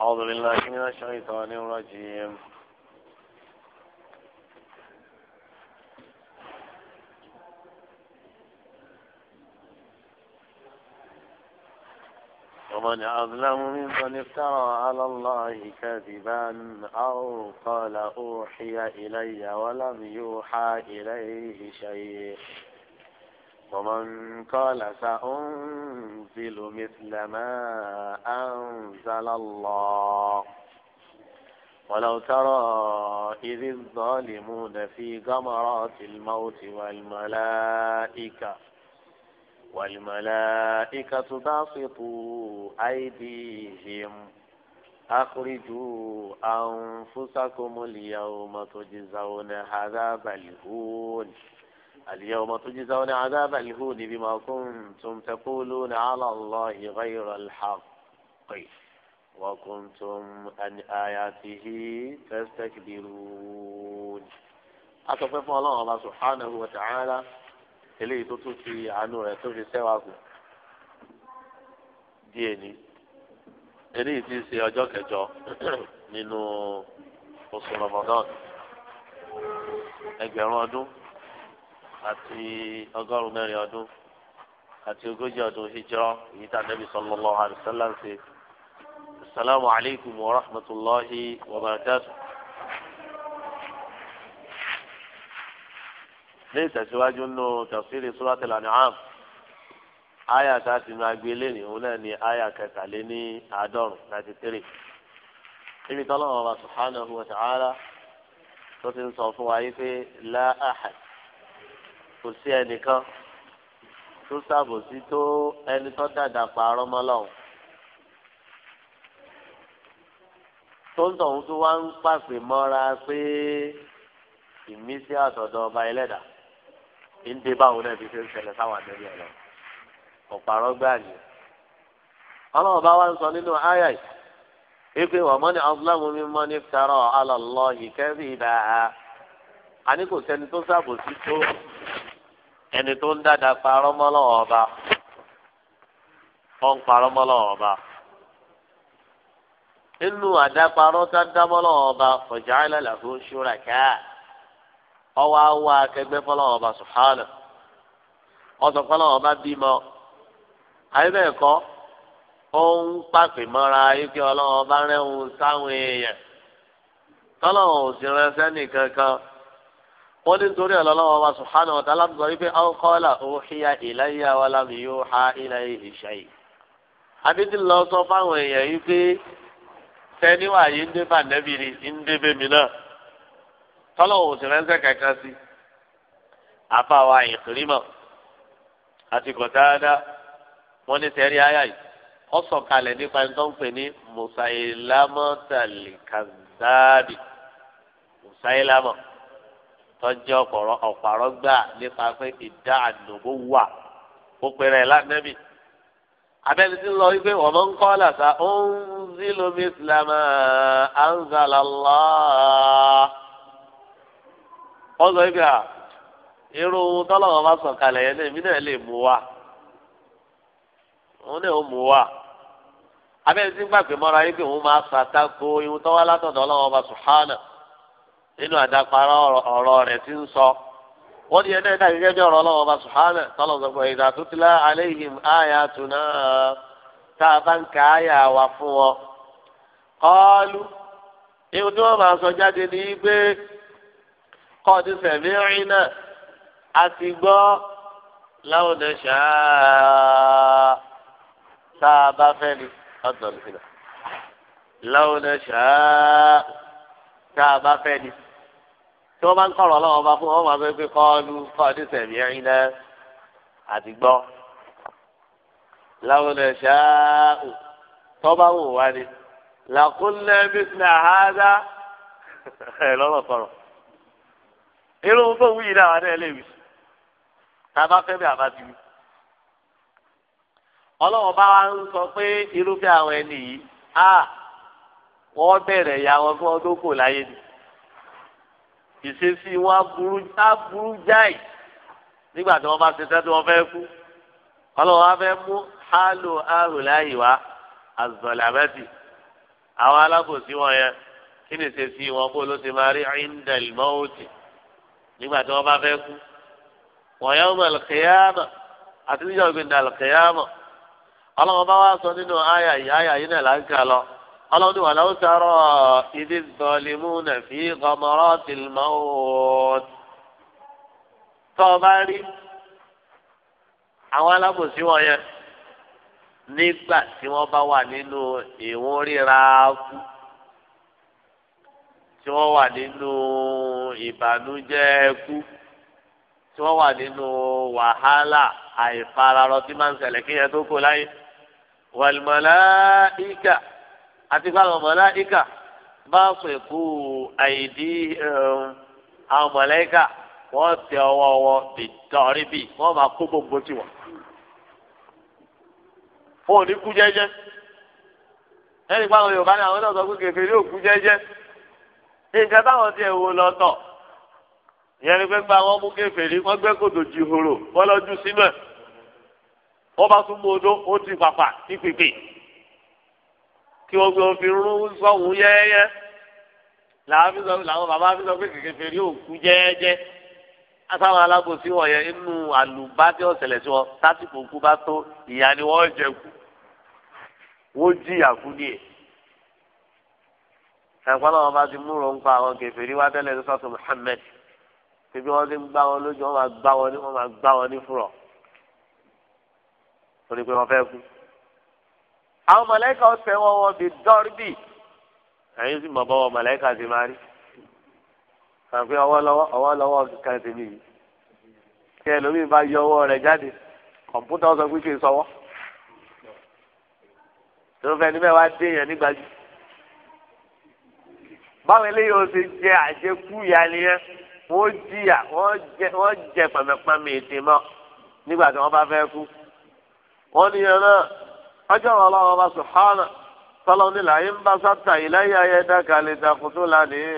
أعوذ بالله من الشيطان الرجيم ومن أظلم ممن افترى على الله كذبا أو قال أوحي إلي ولم يوحى إليه شيء ومن قال سأنزل مثل ما أنزل الله ولو ترى إذ الظالمون في غمرات الموت والملائكة والملائكة باسطوا أيديهم أخرجوا أنفسكم اليوم تجزون عذاب الهون اليوم تجزون عذاب الهود بما كنتم تقولون على الله غير الحق وكنتم عن آياته تستكبرون أتوقف الله الله سبحانه وتعالى إليه تتوفي عنه يتوفي سواكم ديني إليه تيسي أجوك أجو منه oṣù rọmọdán ẹgbẹ̀rún àti ọgọ́rùn mẹ́rin ọdún àti ogójì ọdún hijrọ èyí tá a nẹ́bi sallallahu alaihi wasallam ṣe asalaamu alaykum wa rahmatulahi wa barakatu. ní ìtẹ̀síwájú nínú tafsiri suratul an'am aya tá ti máa gbé lé ní òun náà aya kẹtàléní àádọ́rùn ninety three níbi tọ́lọ́wọ́n subhanahu wa ta'ala tó ti ń sọ fún wa yìí pé la kò sí ẹnìkan tó ṣàbòsí tó ẹni tó dàda pààrọ̀ tó ń tọ̀hún tó wá ń pàpè mọ́ra pé ìmísí àtọ̀dọ̀ ọba ẹlẹ́dà ń dé báwọn ń sáwọn bá wá ń sọ nínú àyà yìí wípé wọ́n mọ́ ní yìí ẹni tó ń dáadáa parọ́ ọba ó parọ́ ọba inú àdáparọ́ tá a ọba ìlàlàfó ṣúra káà ọwọ́ awọ akẹgbẹ́ ọba sùhánà ọ̀sọ̀ fọlọ́wọ́ ọba bímọ àyẹ̀bẹ̀ẹ̀kọ́ ó ń pàpè mọ́ra sáwọn èèyàn sẹ́nìkankan. wọ́n ní nítorí ọlọ́lọ́wọ́ wa subhanahu wa ta'ala sọ wípé àwọn kọ́lá òhìyà ìlàyà wa lámì yóò ha ilẹ̀ ìṣe yìí. abidjan lọ sọ fáwọn èèyàn yìí pé tẹniwá yìí ń dé bá ni ń dé náà kankan sí àti wọ́n ní ayá yìí ó nípa ẹni tó ń pè tọjọ ọ̀pọ̀rọ̀ ọ̀pàrọ̀ gbà nípa pé ìdá àdùnnú wà ó pèrè lánàbì abẹ́ni tí lọ wípé wọ́n máa ń kọ́ làtà ó ń zí lomi ìsìlámà anzalala ọzọ sọ wípé irú tọ́lọ́wọ́ bá sọ kalẹ̀ yẹn èmi náà wa òun náà ó mú wa abẹ́ni ń gbàgbé mọ́ra wípé òun máa nínú àdàpàrọ̀ ọ̀rọ̀ rẹ̀ ti ń sọ wọ́n ní ẹ̀dá ẹ̀dá gẹ́gẹ́ bí ọ̀rọ̀ ọlọ́wọ́ bá sùhánà tọ́lọ̀ sọ̀gbọ̀ ìdá tó ti lá aléhìm áyà tá a bá ka wa fún wọn. kọ́ọ́lù ihun tí wọ́n máa sọ jáde ní pé kọ́ọ̀dù rìn náà a ti gbọ́ láwọn ọ̀dọ̀ ṣáá tá a bá fẹ́ tí wọ́n bá ń kọ̀rọ̀ ọlọ́run ọba fún wọn máa fẹ́ pé kọ́ọ́lù kọ́ọ̀dù sẹ̀mí ẹ̀rín náà àti gbọ́. láwọn ẹ̀ ṣááù tọ́ba wò wá ni làkúnlẹ̀ bísílẹ̀ àhádá ẹ̀ lọ́rọ̀ sọ̀rọ̀. irú tó wí yìí dáwà náà lè wí tá a bá fẹ́ bí àbá ti wí. ọlọ́run bá wa ń sọ pé irúfẹ́ àwọn ẹni yìí ah, wọ́n bẹ̀rẹ̀ ìyá wọn fún ọdún kò láyé ni ìṣesí wọn aburú aburú jáì nígbà tí wọn bá ṣiṣẹ́ tí wọn fẹ́ kú ọlọ́wọ́ afẹ́ mú hálò ahùláyì wá azọ̀làmẹ́tì àwọn alábòsí wọn yẹn kí ni ìṣesí wọn bó ló ti máa rí indel mọ́ọ̀tì nígbà tí wọn bá fẹ́ kú wọ́n yẹ́ wọn lọ́kẹ́yàmọ̀ àti níjọ́ gbẹ̀ndà lọ́kẹ́yàmọ̀ ọlọ́wọ́ bá wá sọ nínú àyà yìí àyà yìí náà là lọ ọlọ́run ní wà láwùjọ sọ̀rọ̀ ìdí zọlímù nàfi ọmọọrọ tìlmọ́ọ̀t. tọ́ ọ bá rí àwọn alábòsí wọ̀nyẹn nígbà tí wọ́n bá wà nínú ìwọ̀n ríra kú tí wọ́n wà nínú ìbànújẹ́ kú tí wọ́n wà nínú wàhálà àìfararọ tí máa ń ṣẹlẹ̀ kéèyàn tó kó láyé wal malaika àti pé àwọn mọ̀láìkà bá pẹ̀kú àìdí um, àwọn mọ̀láìkà wọ́n tẹ ọwọ́ wọn dìtọ́rí bì wọ́n máa kó gbogbo sí wọn. wọn ò ní kú jẹ́jẹ́ ẹnì pa àwọn Yorùbá ní àwọn náà sọ pé kẹfẹ́ ní òkú jẹ́jẹ́ nǹkan táwọn ti ẹ̀ wò lọ́tọ̀ ìyẹn ni pé gba wọn mú kẹfẹ́ ní wọ́n gbẹ́ kòtò ju horo wọ́n lọ́jú sínú ẹ̀ wọ́n bá tún mú odó ó ti pàpà ní pèpè kí wọ́n gbé fi rún sọ́hún yẹ́yẹ́ làwọn bàbá fi sọ pé kèké fèrè òkú jẹ́ẹ́jẹ́ àtàwọn alábòsí wọ̀nyẹn inú àlùbá tí wọ́n ṣẹlẹ̀ sí wọn sásìkò òkú bá tó ìyá ni wọ́n jẹ kú wọ́n jìyà kú ní ẹ̀. ẹ̀kọ́ náà wọ́n bá ti múrò ń pa àwọn kèfèrí wá tẹ́lẹ̀ sọ́tún Muhammad bíbí wọ́n ti ń gbá wọn lójú wọ́n máa gbá wọn máa gbá wọn ní fúrọ̀ torí pé wọ́n fẹ́ kú àwọn mọ̀lẹ́kà ọ̀sẹ̀ wọn wọn bí dọ́rìbì ẹ̀yin sì mọ̀ bọ́wọ́ mọ̀lẹ́kà ti máa rí kàfin ọwọ́ lọ́wọ́ ọwọ́ lọ́wọ́ kan ti mi yìí tí ẹlòmíín bá yọ ọwọ́ rẹ̀ jáde kọ̀ǹpútà ọ̀sán pípé sọwọ́ tòfẹ́ níbẹ̀ wá dé yẹn nígbàjú báwo eléyìí ó ti jẹ àjẹkù ìyáni yẹn wọ́n jìyà wọ́n jẹ pẹ̀mẹ́pẹ́mẹ́ ètè mọ́ nígbà tí wọ́n bá fẹ́ kú wọ́n níyàn náà ọjọ́ ọlọ́run ọba sùhánà tọ́lọ́ ní làyé ń bá sátà ìlẹ́yà ayé dáka lè dàkútó lánìí.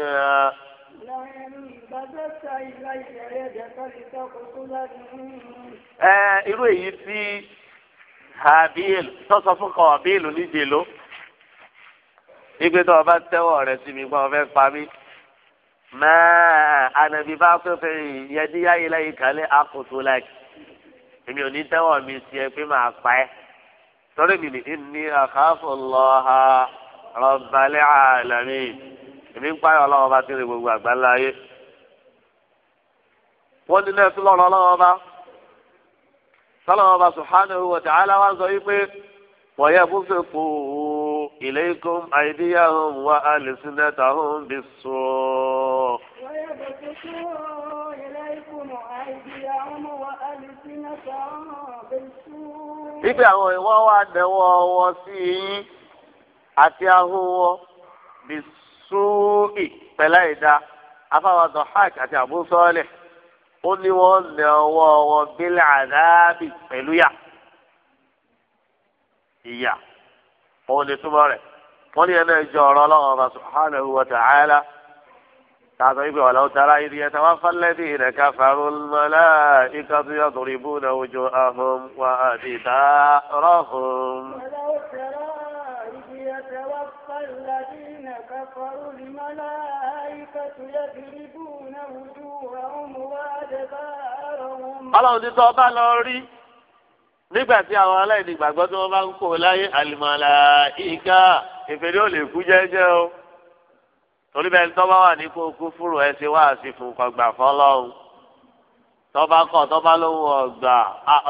ẹ eh. eh, irú èyí tí habil tọ́sọ fún kọ̀ọ̀bíl níje ló ìgbésẹ̀ ọba tẹ́wọ̀ rẹ̀ sí mi gbọ́n ọ̀fẹ́ pa mí mẹ́ẹ̀ ànàbí bá fẹ́fẹ́ yẹdíyà ilẹ̀ ìkàlẹ̀ àkótó láì èmi ò ní tẹ́wọ̀ mi sí ẹ pé màá pa ẹ́ torí mi ní ní àkàfọ̀ lọ́ha rọ̀bàlẹ̀ àlàmì èmi ń pààyàn ọlọ́wọ́ bá tẹ̀lé gbogbo àgbáńlá ayé wọ́n ní náà tún lọ́rọ̀ ọlọ́wọ́ bá sọlọ́wọ́ bá subhanahu wa ta'ala wá sọ yí wọ́n yẹ kó fẹ́ fò ó ilaykum aydiyahum wa alsinatahum bis-su'. ويبتسوا إليكم أيديهم وألسنتهم بالسوء ibi àwọn ìwọ wà dẹwọ ọwọ sí yín àti ahówọ bí súì pẹlẹ ìdá afáwàdọ hajj àti àbúsọọlẹ ó ní wọn nà ọwọ ọwọ bílẹ àdáàbì pẹlú yà ìyà òun ni ní ẹjọ ọba tààtọ̀ ìgbà wà láwùjọ ara yìí yẹn tàwọn afọlẹ́dì rẹ̀ ká farun mọ́lá ìka tó yàtọ̀ ìbú náà ojú ahùn wà á di ta rọ́hùn. ọlọ́run ti sọ ọba lọ rí nígbà tí àwọn aláìní gbàgbọ́ tí wọ́n bá ń kó láyé àlùmọ́lá ìka ìfèrè ò lè kú jẹ́jẹ́ o torí bẹ́ẹ̀ tọ́ba wà ní kókó fúru ẹ ṣe wá sí fún kọgbà fọlọ́hún tọ́ba kọ̀ tọ́ba lówó ọgbà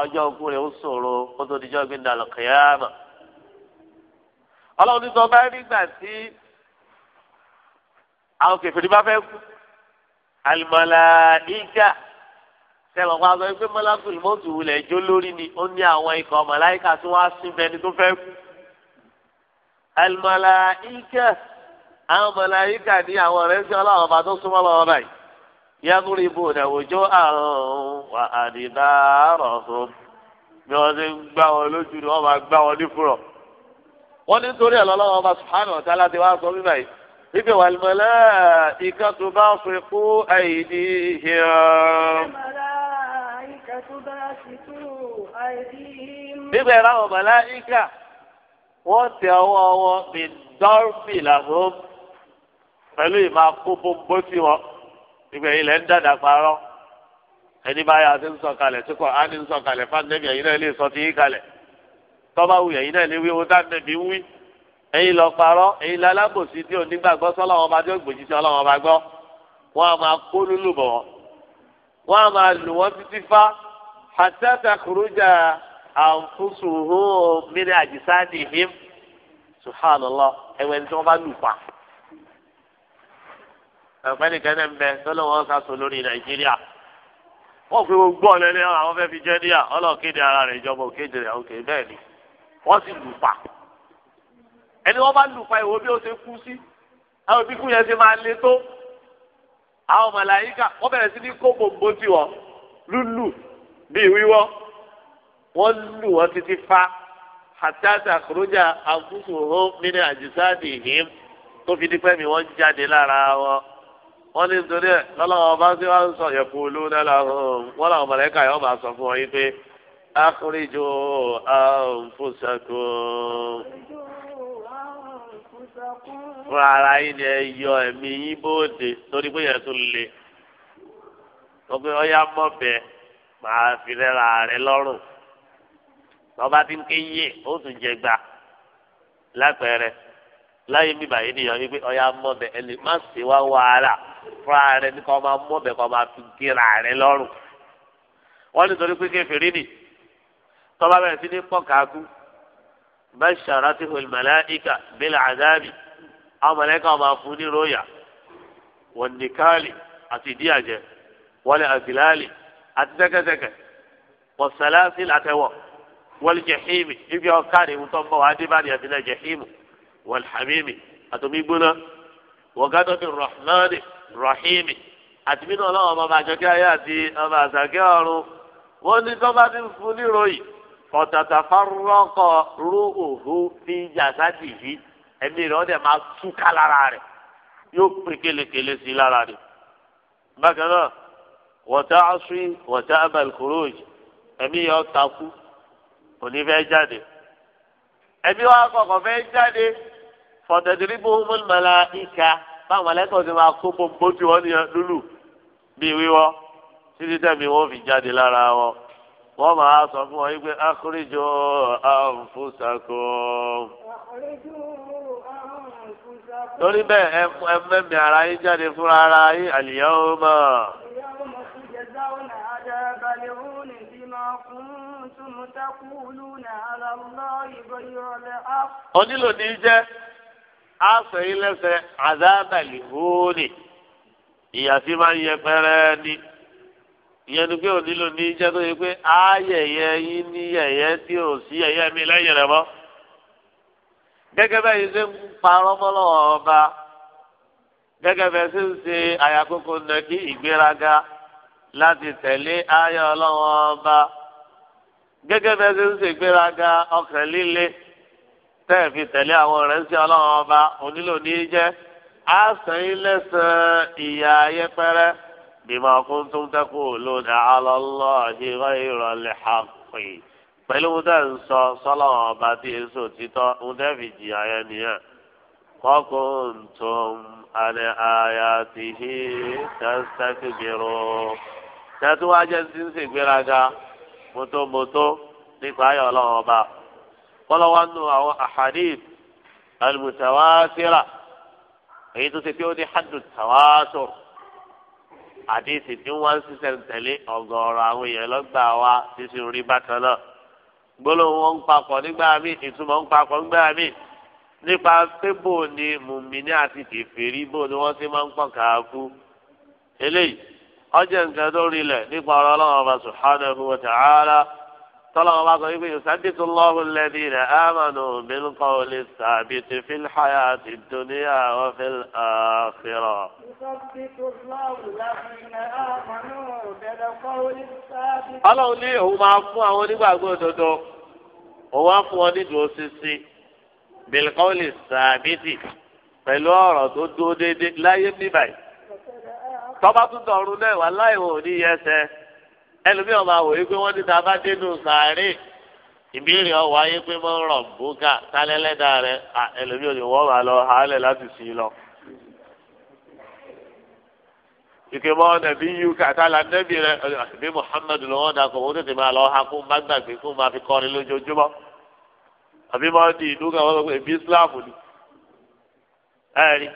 ọjọ́ òkú rẹ̀ ó ṣòro kó tó dijọ́ gbé dàlọ́ kìíyàmà. ọlọ́run ní tọ́ba nígbà tí àwọn kẹfìrí bá fẹ́ kú àlùmọ̀lá ìjà sẹ́wọ̀n pa sọ pé mọ́lákùn ìmọ̀tò wulẹ̀ jó lórí ni ó ní àwọn ikọ̀ mọ̀láyíkà tí wọ́n á sí bẹni tó fẹ́ kú àlùmọ̀lá ìjà àwọn mọ̀láyíkà ní àwọn ọ̀rẹ́ sí ọlọ́run ọba tó súnmọ́ lọ́wọ́ báyìí yẹ́kúrú ibò ìdàwòjó àrùn wà àdìbá rọ̀ fún bí wọ́n ti ń gbá wọn lójú ni wọ́n máa gbá wọn nífúrọ̀ wọ́n ní torí ẹ̀ lọ́wọ́ ọba subhanahu wa ta'ala ti wá sọ bí báyìí ife wàlmọ́lá ìka tó bá fi kú àìdí hìrán. nígbà ìráwọ̀ mọ̀lá ìka wọ́n tẹ ọwọ́ wọn bí dọ́rùbì làwọn pẹ̀lú ìmọ̀ akóbóbó sí wọn ìgbà ilẹ̀ ń dàdà parọ́ ẹni bá yà ti ń sọ kalẹ̀ tí kò á ní ń sọ kalẹ̀ fáńdẹ́bì ẹ̀yin náà lè sọ ti yí kalẹ̀ tọ́ba wù ẹ̀yin náà lè wí owó táńdẹ́bì ń wí ẹ̀yin lọ parọ́ ẹ̀yin lọ alábòsí tí onígbàgbọ́ sọ́lọ́wọ́n bá tí ó gbòjì ọlọ́wọ́n bá gbọ́ wọ́n á máa kó lúlù bọ̀ wọ́n wọ́n á máa lù wọ́n títí fá hàtẹ́tà kùrújà àǹfùsùn hó mìíràn àjìsáàdì him subhanallah ẹ̀wẹ̀ ni tí wọ́n bá lù pa ẹ̀pẹ́ni kẹ́nẹ́ ń bẹ tó lóun ọ̀sà lórí nàìjíríà wọ́n fi gbogbo ọ̀lẹ́ àwọn fẹ́ fi jẹ́ níyà ọlọ́ọ̀kéde ara rẹ̀ ìjọba òkéde rẹ̀ òkè bẹ́ẹ̀ ni wọ́n sì lù pa ẹni wọ́n bá lù pa ìwo bí ó ṣe kú sí àwọn òbí kú yẹn ṣe máa le tó àwọn màláyíkà wọ́n bẹ̀rẹ̀ sí ní kó gbogbo tiwọ̀ lúlù bíi wíwọ́ wọ́n lù wọ́n títí fa àtàtà kúrújà àkúsùn hó mí ní àjùsáàdì yìí tó fi dípẹ́ mi wọ́n jáde lára wọn wọ́n ní nítorí ẹ̀ lọ́lọ́wọ́ ọba tí wọ́n sọ yẹ̀kú lónà làwọn wọ́n làwọn mọ̀lẹ́kà yóò máa sọ fún ọ yín pé akérèjọ àǹfọ̀sàkó fún ara yín ni ẹ yọ ẹ̀mí yín bóde torí pé yẹn tún le wọ́n pe ọyá mọ̀bẹ màá fi rẹ́ra rẹ lọ́rùn lọ́ba tí ń ké yé ó tún jẹ gbà lápẹẹrẹ láyé mi báyìí nìyọ wípé ọyá mọ̀bẹ ẹ má ṣe wàhálà fúnra rẹ ní kọ́ máa mú ọbẹ̀ kọ́ máa fi gíra rẹ lọ́rùn wọ́n ní torí pé kéferì nì tọ́ba bẹ̀rẹ̀ sí ní pọ́kàákú bá ṣàrà tí hol màláìka bílẹ̀ àdáàbì àwọn màláìka máa fún ní róòyà wọ́n ní káàlì àti ìdí àjẹ wọ́n àgbìláàlì àti tẹ́kẹ́tẹ́kẹ́ wọ́n sàlásì látẹ̀wọ̀ wọ́n lè jẹ̀hìmì ibi ọ̀kárì ń tọ́ bọ̀ wá dé bá ní àbílẹ̀ jẹ̀hìmù wọ́n hàmìmì àtòmí wọ́gádọ́ bíi rahmani rahimi àti bí náà lọ́wọ́ ọba àjọkẹ́ ayé àti ọba àṣàkẹ́ ọ̀run wọ́n ní tọ́ba ti ń fún níròyìn fọ̀tàtà fárúrọ́kọ̀ rú òhó fi jàdádì yìí ẹ̀mí rẹ̀ ọ̀dẹ̀ máa túká lára rẹ̀ yóò pè kélekèle sí lára rẹ̀ bákan náà wọ́tá asúì wọ́tá abalkoroji ẹ̀mí yọ takú òní fẹ́ jáde ẹ̀mí wa kọ̀kọ̀ fẹ́ jáde fọ̀tẹ̀dìrìbù mọ́lùmọ́lá ìka báwọn ẹlẹ́kọ̀ọ́ ti máa kó bòǹbò tí wọ́n nìyẹn lúlù bíi wíwọ́ títí tẹ̀mí wọn fi jáde lára wọn wọ́n máa sọ fún wọn wípé akérèjọ àǹfùsàkó. lórí bẹ́ẹ̀ ẹ mẹ́mí ara yín jáde fúnra ara yín àlìyá ó mọ̀. onílò ní jẹ́. á sọ yín lẹ́sẹ̀ àdáàbàlì hóòlì ìyà tí máa ń yẹ pẹ́rẹ́ ni ìyẹn ni pé òní ló ní jẹ́ tó yẹ pé á yẹ̀yẹ́ ní tí ò sí mi lẹ́yìn rẹ̀ mọ́ gẹ́gẹ́ bẹ́ẹ̀ yìí ṣe ń ọba gẹ́gẹ́ bẹ́ẹ̀ ṣe ń ṣe àyàkókò nàkí ìgbéraga láti ọba ṣe ń ṣe ìgbéraga tẹ́ẹ̀fì tẹ̀lé àwọn ọ̀rẹ́ sí ọlọ́run ọba onílò ní í jẹ́ á sẹ́yìn lẹ́sàn-án ìyá ayẹ́pẹ́rẹ́ bímọ kún tó ń tẹ́kù lóde alọ́lọ́ ìrọ̀ ìrọ̀lẹ́ àpè pẹ̀lú ohun tẹ́ ń sọ sọ́lọ́run ọba tí èso títọ́ ohun tẹ́ẹ̀fì jìyà yẹn nìyẹn kọ́kùn tó ń alẹ́ àyà tìhí tẹ́sítẹ́sì gbèrò tẹ́tù wájẹ́ ti ń ṣègbéraga nípa ayọ̀ ọlọ́run ọba kọ́lọ́wá nù àwọn ahadith almutawatira èyí tó ṣe pé ó ní haddu tawatur àdéhìsì tí wọ́n ń ṣiṣẹ́ tẹ̀lé ọ̀gọ̀ọ̀rọ̀ àwọn èèyàn lọ́gbà wa ṣíṣe orí bákan náà gbólóhùn wọn ń papọ̀ nígbà míì ìtumọ̀ ń papọ̀ nígbà míì nípa pé bò ní mùmíní àti kèfèrí bò ní wọ́n ti máa ń pọ̀n káàkú eléyìí ọjọ́ nǹkan tó rinlẹ̀ nípa ọ̀rọ̀ ọlọ́run ọba subhanahu wa tọ́lọ́wọ́ bá sọ wípé yusaddiqu Allahu alladhina amanu bil qawli thabiti fil hayati dunya wa fil akhirah. ọlọ́run ní òun máa fún àwọn onígbàgbọ́ òdodo òun á fún wọn nídùú sísí bil qawli thabiti pẹ̀lú ọ̀rọ̀ tó dúró déédéé láyé níbàyí tọ́ba tún dọ̀rùn náà wà láì ní yẹsẹ̀ ẹlòmí ọba àwòrán pé wọ́n ti ta bá dénú sàárè ìbéèrè ọwọ́ ayé pé mọ́ rọ̀ bóga tálẹ́lẹ́dà rẹ ẹlòmí òde wọ́n wà lọ hàálẹ̀ láti sí i lọ. ìkèmọ́ nàbí yú kàtàlà nẹ́bí rẹ ẹ̀mí Muhammad lọ́wọ́ dàkọ̀ wọ́n tètè máa lọ ha kó má gbàgbé kó má fi kọrin lójoojúmọ́ àbí máa di ìlú kan wọ́n sọ pé èmi Islam ni. ẹ̀rí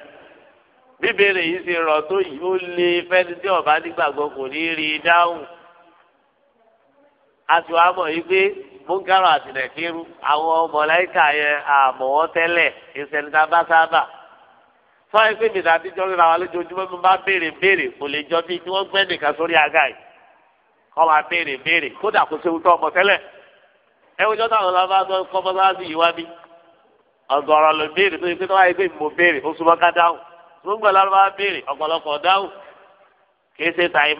bíbélì yìí ti rọ̀ tó yìí ó lé fẹ́ni tí ọ̀bá nígbàgbọ́ kò ní rí i dáhùn. àti yìí pé múngárò àti nàìjíríà àwọn mọ̀láìkà yẹn àmọ̀wọ́ tẹ́lẹ̀ ìṣẹ̀lẹ̀dá bá sábà fún pé mi mi bá béèrè béèrè kò lè jọ bíi kí wọ́n gbẹ́ nìkan sórí aga yìí kọ́ máa béèrè béèrè kódà tó ọmọ tẹ́lẹ̀ ẹ wọ́n kọ́ mọ́sáàsì yìí wá bí ọ̀gọ̀rọ̀ ló béèrè tó yẹ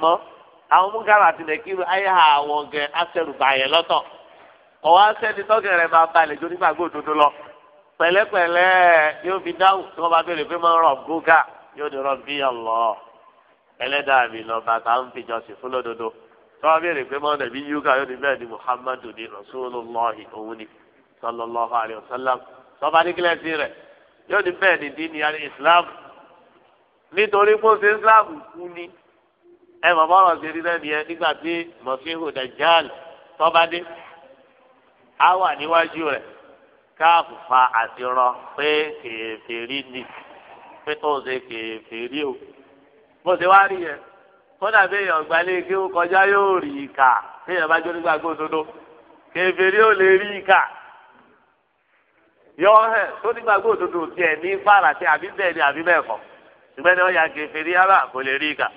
àwọn múkàrà àti nàìjíríà ayé àwọn gẹ asẹrùbà yẹn lọ́tọ̀ ọwọ́ asẹni tọkẹ rẹ máa balẹ̀ jó nígbà gbòdodo lọ pẹ̀lẹ́pẹ̀lẹ́ yóò fi dáhùn tí wọn bá béèrè pé máa ń rọ gúgà yóò ní rọ bí ọlọ ẹlẹ́dàá mi lọ bàtà ń fi jọsìn fún lódodo tí wọn béèrè pé máa ń nàbí yúgà yóò ní bẹ́ẹ̀ ni muhammadu ni rasulullahi òun ni sallallahu alayhi wa sallam tí wọn bá ní kílẹ̀ sí rẹ yóò ní bẹ́ẹ̀ ni dín ní islam nítorí pé ó ṣe islam kú ni ẹ mọ̀ bọ́rọ̀ ṣe rí lẹ́nu yẹn nígbà tí mọ̀fíhù dajjal tọ́ba dé á wà níwájú rẹ̀ káàfù fa àti rọ pé kèfèrí ni pé ó ṣe kèfèrí o bó ṣe wá rí yẹn kódà bí èèyàn gbalẹ̀ kí ó kọjá yóò rí ìkà bí èèyàn bá jó nígbà gbòdodo kèfèrí ò lè rí ìkà yọ hẹ tó nígbà gbòdodo tiẹ̀ ní fàràtì àbí bẹ́ẹ̀ ni àbí bẹ́ẹ̀ kọ́ ṣùgbọ́n ni wọ́n ya kèfèrí ara kò lè rí ìkà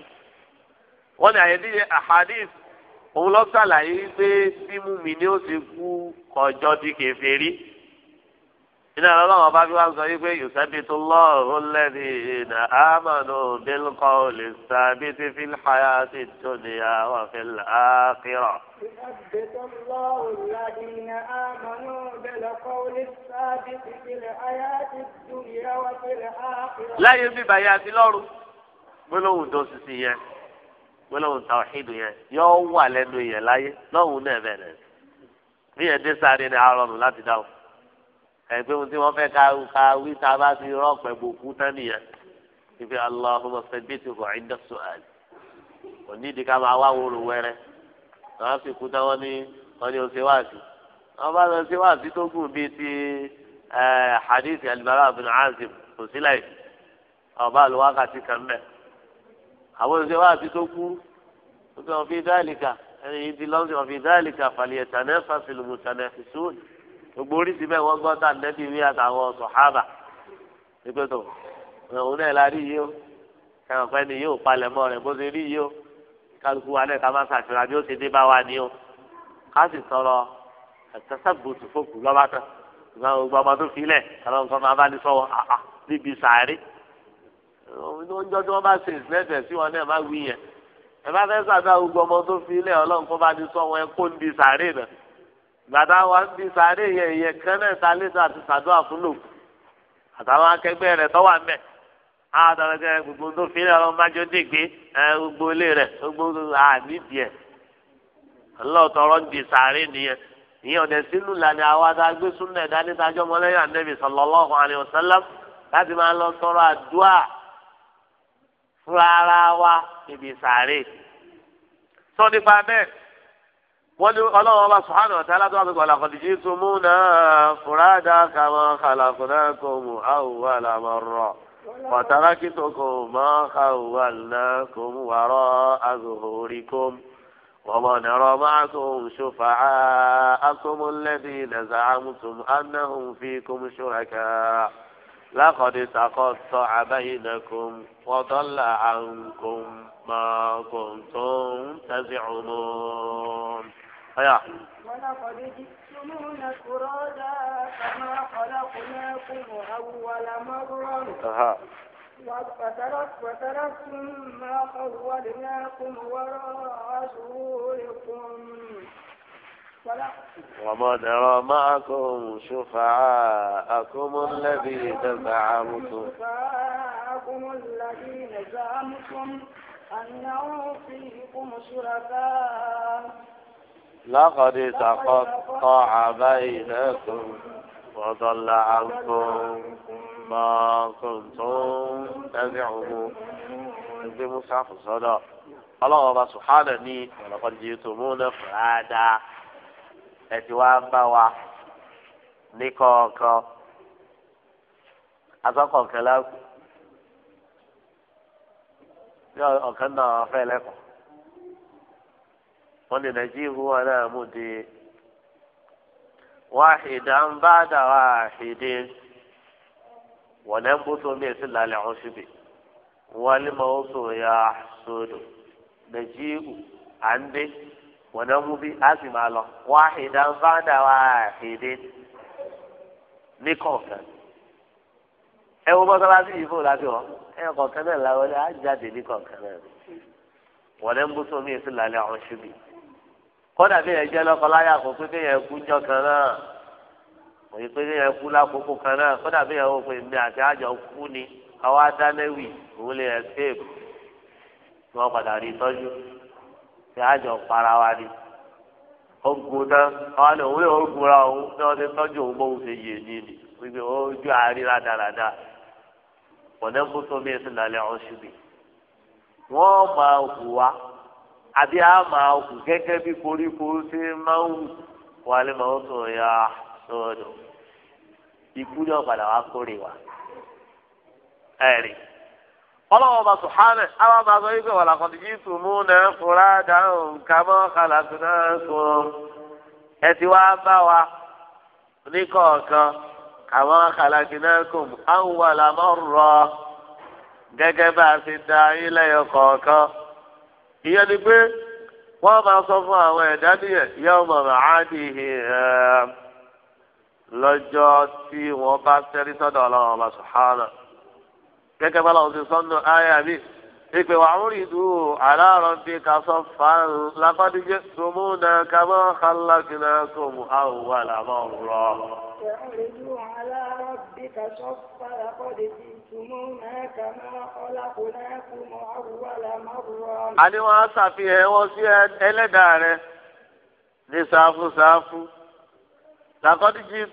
wọ́n ní àyẹ̀dí ahadith òun lọ sàlàyé pé símú mi ni ó ti kú kọjọ́ di kèfèrí iná ọlọ́run ọba fi wá sọ yí pé yusabitu Allahu alladhina amanu bil qawli sabiti fil hayati dunya wa fil akhirah. yusabitu Allahu alladhina amanu bil qawli sabiti fil hayati dunya lọ́rùn gbólóhùn tó sì sí yẹn. gbólóhùn tàwíìdù yẹn yóò wà lẹ́nu yẹn láyé lọ́hùn náà bẹ̀rẹ̀ bí yẹn dé sáré ni arọrùn láti dáhùn ẹgbẹ́ ohun tí wọ́n fẹ́ ka wí tá bá ti rọ́ọ̀pẹ̀ gbòkú tán nìyẹn ibi máa wá wẹ́rẹ́ fi kú táwọn ní wọ́n bá lọ tó gùn bíi ti eh, hadith kò sí láì kan àwọn òṣìṣẹ́ wa àti tó kú ó fi hàn fi dáìlìkà ẹni yìí di lọ́sìn hàn fi dáìlìkà fàlìyẹ tànẹ́ fàṣìlùmù tànẹ́ fìṣún gbogbo oríṣi bẹ́ẹ̀ wọ́n gbọ́ tá nẹ́bí wí àtàwọn sọ̀hábà nígbà tó òun náà la rí yìí ó ẹ̀wọ̀n pẹ́ ni yóò palẹ̀ mọ́ rẹ̀ bó ṣe rí yìí ó kálukú wa náà ká má ṣàfihàn bí ó ṣe dé bá wa ni ó ká sì sọ̀rọ̀ ẹ̀tẹ́sàgbòtò fòkù ọjọ́ tí wọ́n bá ṣe ìsìlẹ̀tẹ̀ sí wọn náà má wí yẹn ẹ bá fẹ́ sàdá gbogbo ọmọ tó fi ilé ọlọ́run kó bá ti sọ wọn ẹ kó ń di sàárè náà gbàdá wa ń di sàárè yẹn ìyẹn kan náà ta lẹ́sà àti sàdúrà fún lò àtàwọn akẹgbẹ́ rẹ̀ tọ́wà mẹ́ àtàwọn gbogbo tó fi ilé ọlọ́run bá jọ dègbé gbogbo ilé rẹ̀ gbogbo àníbi ẹ̀ ọlọ́ọ̀tọ̀rọ̀ ń di sàárè nìyẹn ìyẹn ọ̀dẹ̀ sínú lànà àwa tá a gbé súnlẹ̀ dání tá a jọ mọ́lẹ́yìn ànẹ́bì sallallahu alaihi wasallam láti máa lọ tọrọ àdúrà fúnra ara wa níbi sàárè sọ nípa bẹ́ẹ̀ wọ́n ní ọlọ́run ọba subhanahu wa ta'ala aláàdúrà gbogbo àlàkọ̀dì yìí tún mú náà fúrádà kàmá kàlàkùnà kò mú àwùwà làmọ̀rọ̀ pàtàkì kìtò kò mọ́ àwùwà nà kò mú wàrọ̀ àgòhórí kò mú wọ́mọ nìrọ̀ máa kò ń ṣòfà á akómọlẹ́bí nàzàámùtùm ánáhùn fi kò mú ṣòra لقد تقطع بينكم وضل عنكم ما كنتم تزعمون هيا ولقد جئتمونا فرادا كما خلقناكم أول مرة وتركتم ما خولناكم وراء ظهوركم وما درى معكم شفعاءكم الذين زعمتم شفعاءكم الذين زعمتم فيكم شركاء لقد تقطع بينكم وضل عنكم ما كنتم تدعون في مصحف الصلاة الله سبحانه ولقد جئتمونا فعادا ẹ ti bá wa ní kọ̀ọ̀kan asọ́kọ̀ọ̀kan lágùn ní ọ̀kan náà fẹ́ lẹ́kọ̀ọ́ wọ́n ní nàìjíríà wọn náà mú di wáhìdá ń bá dà wáhìdí wọ́n ń bú mi sí lálẹ́ ọ̀hún síbi wọ́n lé mọ́ ó sòrò yá sódò nàìjíríà à wọn náà mú bí a sì máa lọ wáhìdá ń bá dà wá èdè níkọ̀ọ̀kan ẹ wo mọ́sálásí yìí fò láti wọ́n ẹ kọ̀ọ̀kan náà láwọn ẹ á jáde níkọ̀ọ̀kan náà wọn náà ń sómi èsì lálẹ́ àwọn ṣubì kódà bí yẹn jẹ́ lọ́kọ́láyà kó pé kéèyàn kú jọ kan náà kò pé kéèyàn kú lákòókò kan náà kódà bí yẹn wò pé mi àti àjọ kú ni àwa dáná wì òun lè escape wọn padà rí tọ́jú. tí a jọ para wa ni ogun tán àwọn àlọ òun yóò gun ra òun tí wọn ti òun bóun ṣe yè ní ni wípé ojú àárín rádaràda pọnẹkù tó mi sí lálẹ́ ọhún máa hù wá àbí a máa hù gẹ́gẹ́ bí koríko ṣe máa ya sọdọ ikú kórè wa ọlọ́wọ́ bá sùhánẹ̀ àwọn bá sọ wípé wàlá kan tìjú tùmú náà fúra dáhùn kámọ́ kàlàkùn náà sùn ẹ ti wá bá wa oníkọ̀ọ̀kan kámọ́ kàlàkùn náà kùn áwùn wàlá mọ́ rọ gẹ́gẹ́ bá a ti da ilé ọkọ̀ọ̀kan ìyẹn ni pé wọ́n máa sọ fún àwọn ẹ̀dá nìyẹn yẹ́n mọ̀ àádìhì lọ́jọ́ tí wọ́n bá sẹ́rí sọ́dọ̀ ọlọ́run ọba sùhánẹ̀ gẹ́gẹ́ bá lọ́wọ́ ti sọ́nù ayé mi ìpè wà ń rìn dùn aláàrọ̀ bí ká sọ fàánù lápàdéjẹ́ tòmú náà ká mọ́ kálákìnà tòmú àwùwà làmọ́ rọ. a ní wọn ṣàfihàn wọn sí ẹlẹ́dàá rẹ ní sáfù sáfù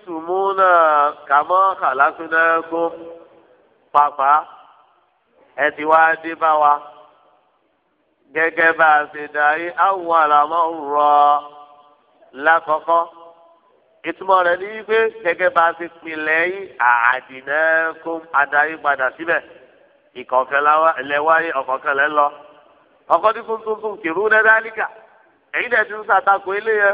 tòmú náà ká mọ́ kálákìnà tòmú pàápàá ẹ ti wá dé bá wa gẹ́gẹ́ bá a ṣe darí àwọn àlàmọ́ rọ lákọ̀ọ́kọ́ ìtumọ̀ rẹ̀ ní wípé gẹ́gẹ́ bá a ṣe pinlẹ̀ yìí àdìnà kó adarí padà síbẹ̀ ìkọ̀ọ̀kan lẹ́wáyé ọ̀kọ̀ọ̀kan lẹ́ lọ ọkọ̀ tí kò tuntun kìrú nẹ́dálíkà èyí dẹ̀ ti ń ṣàtakò eléyẹ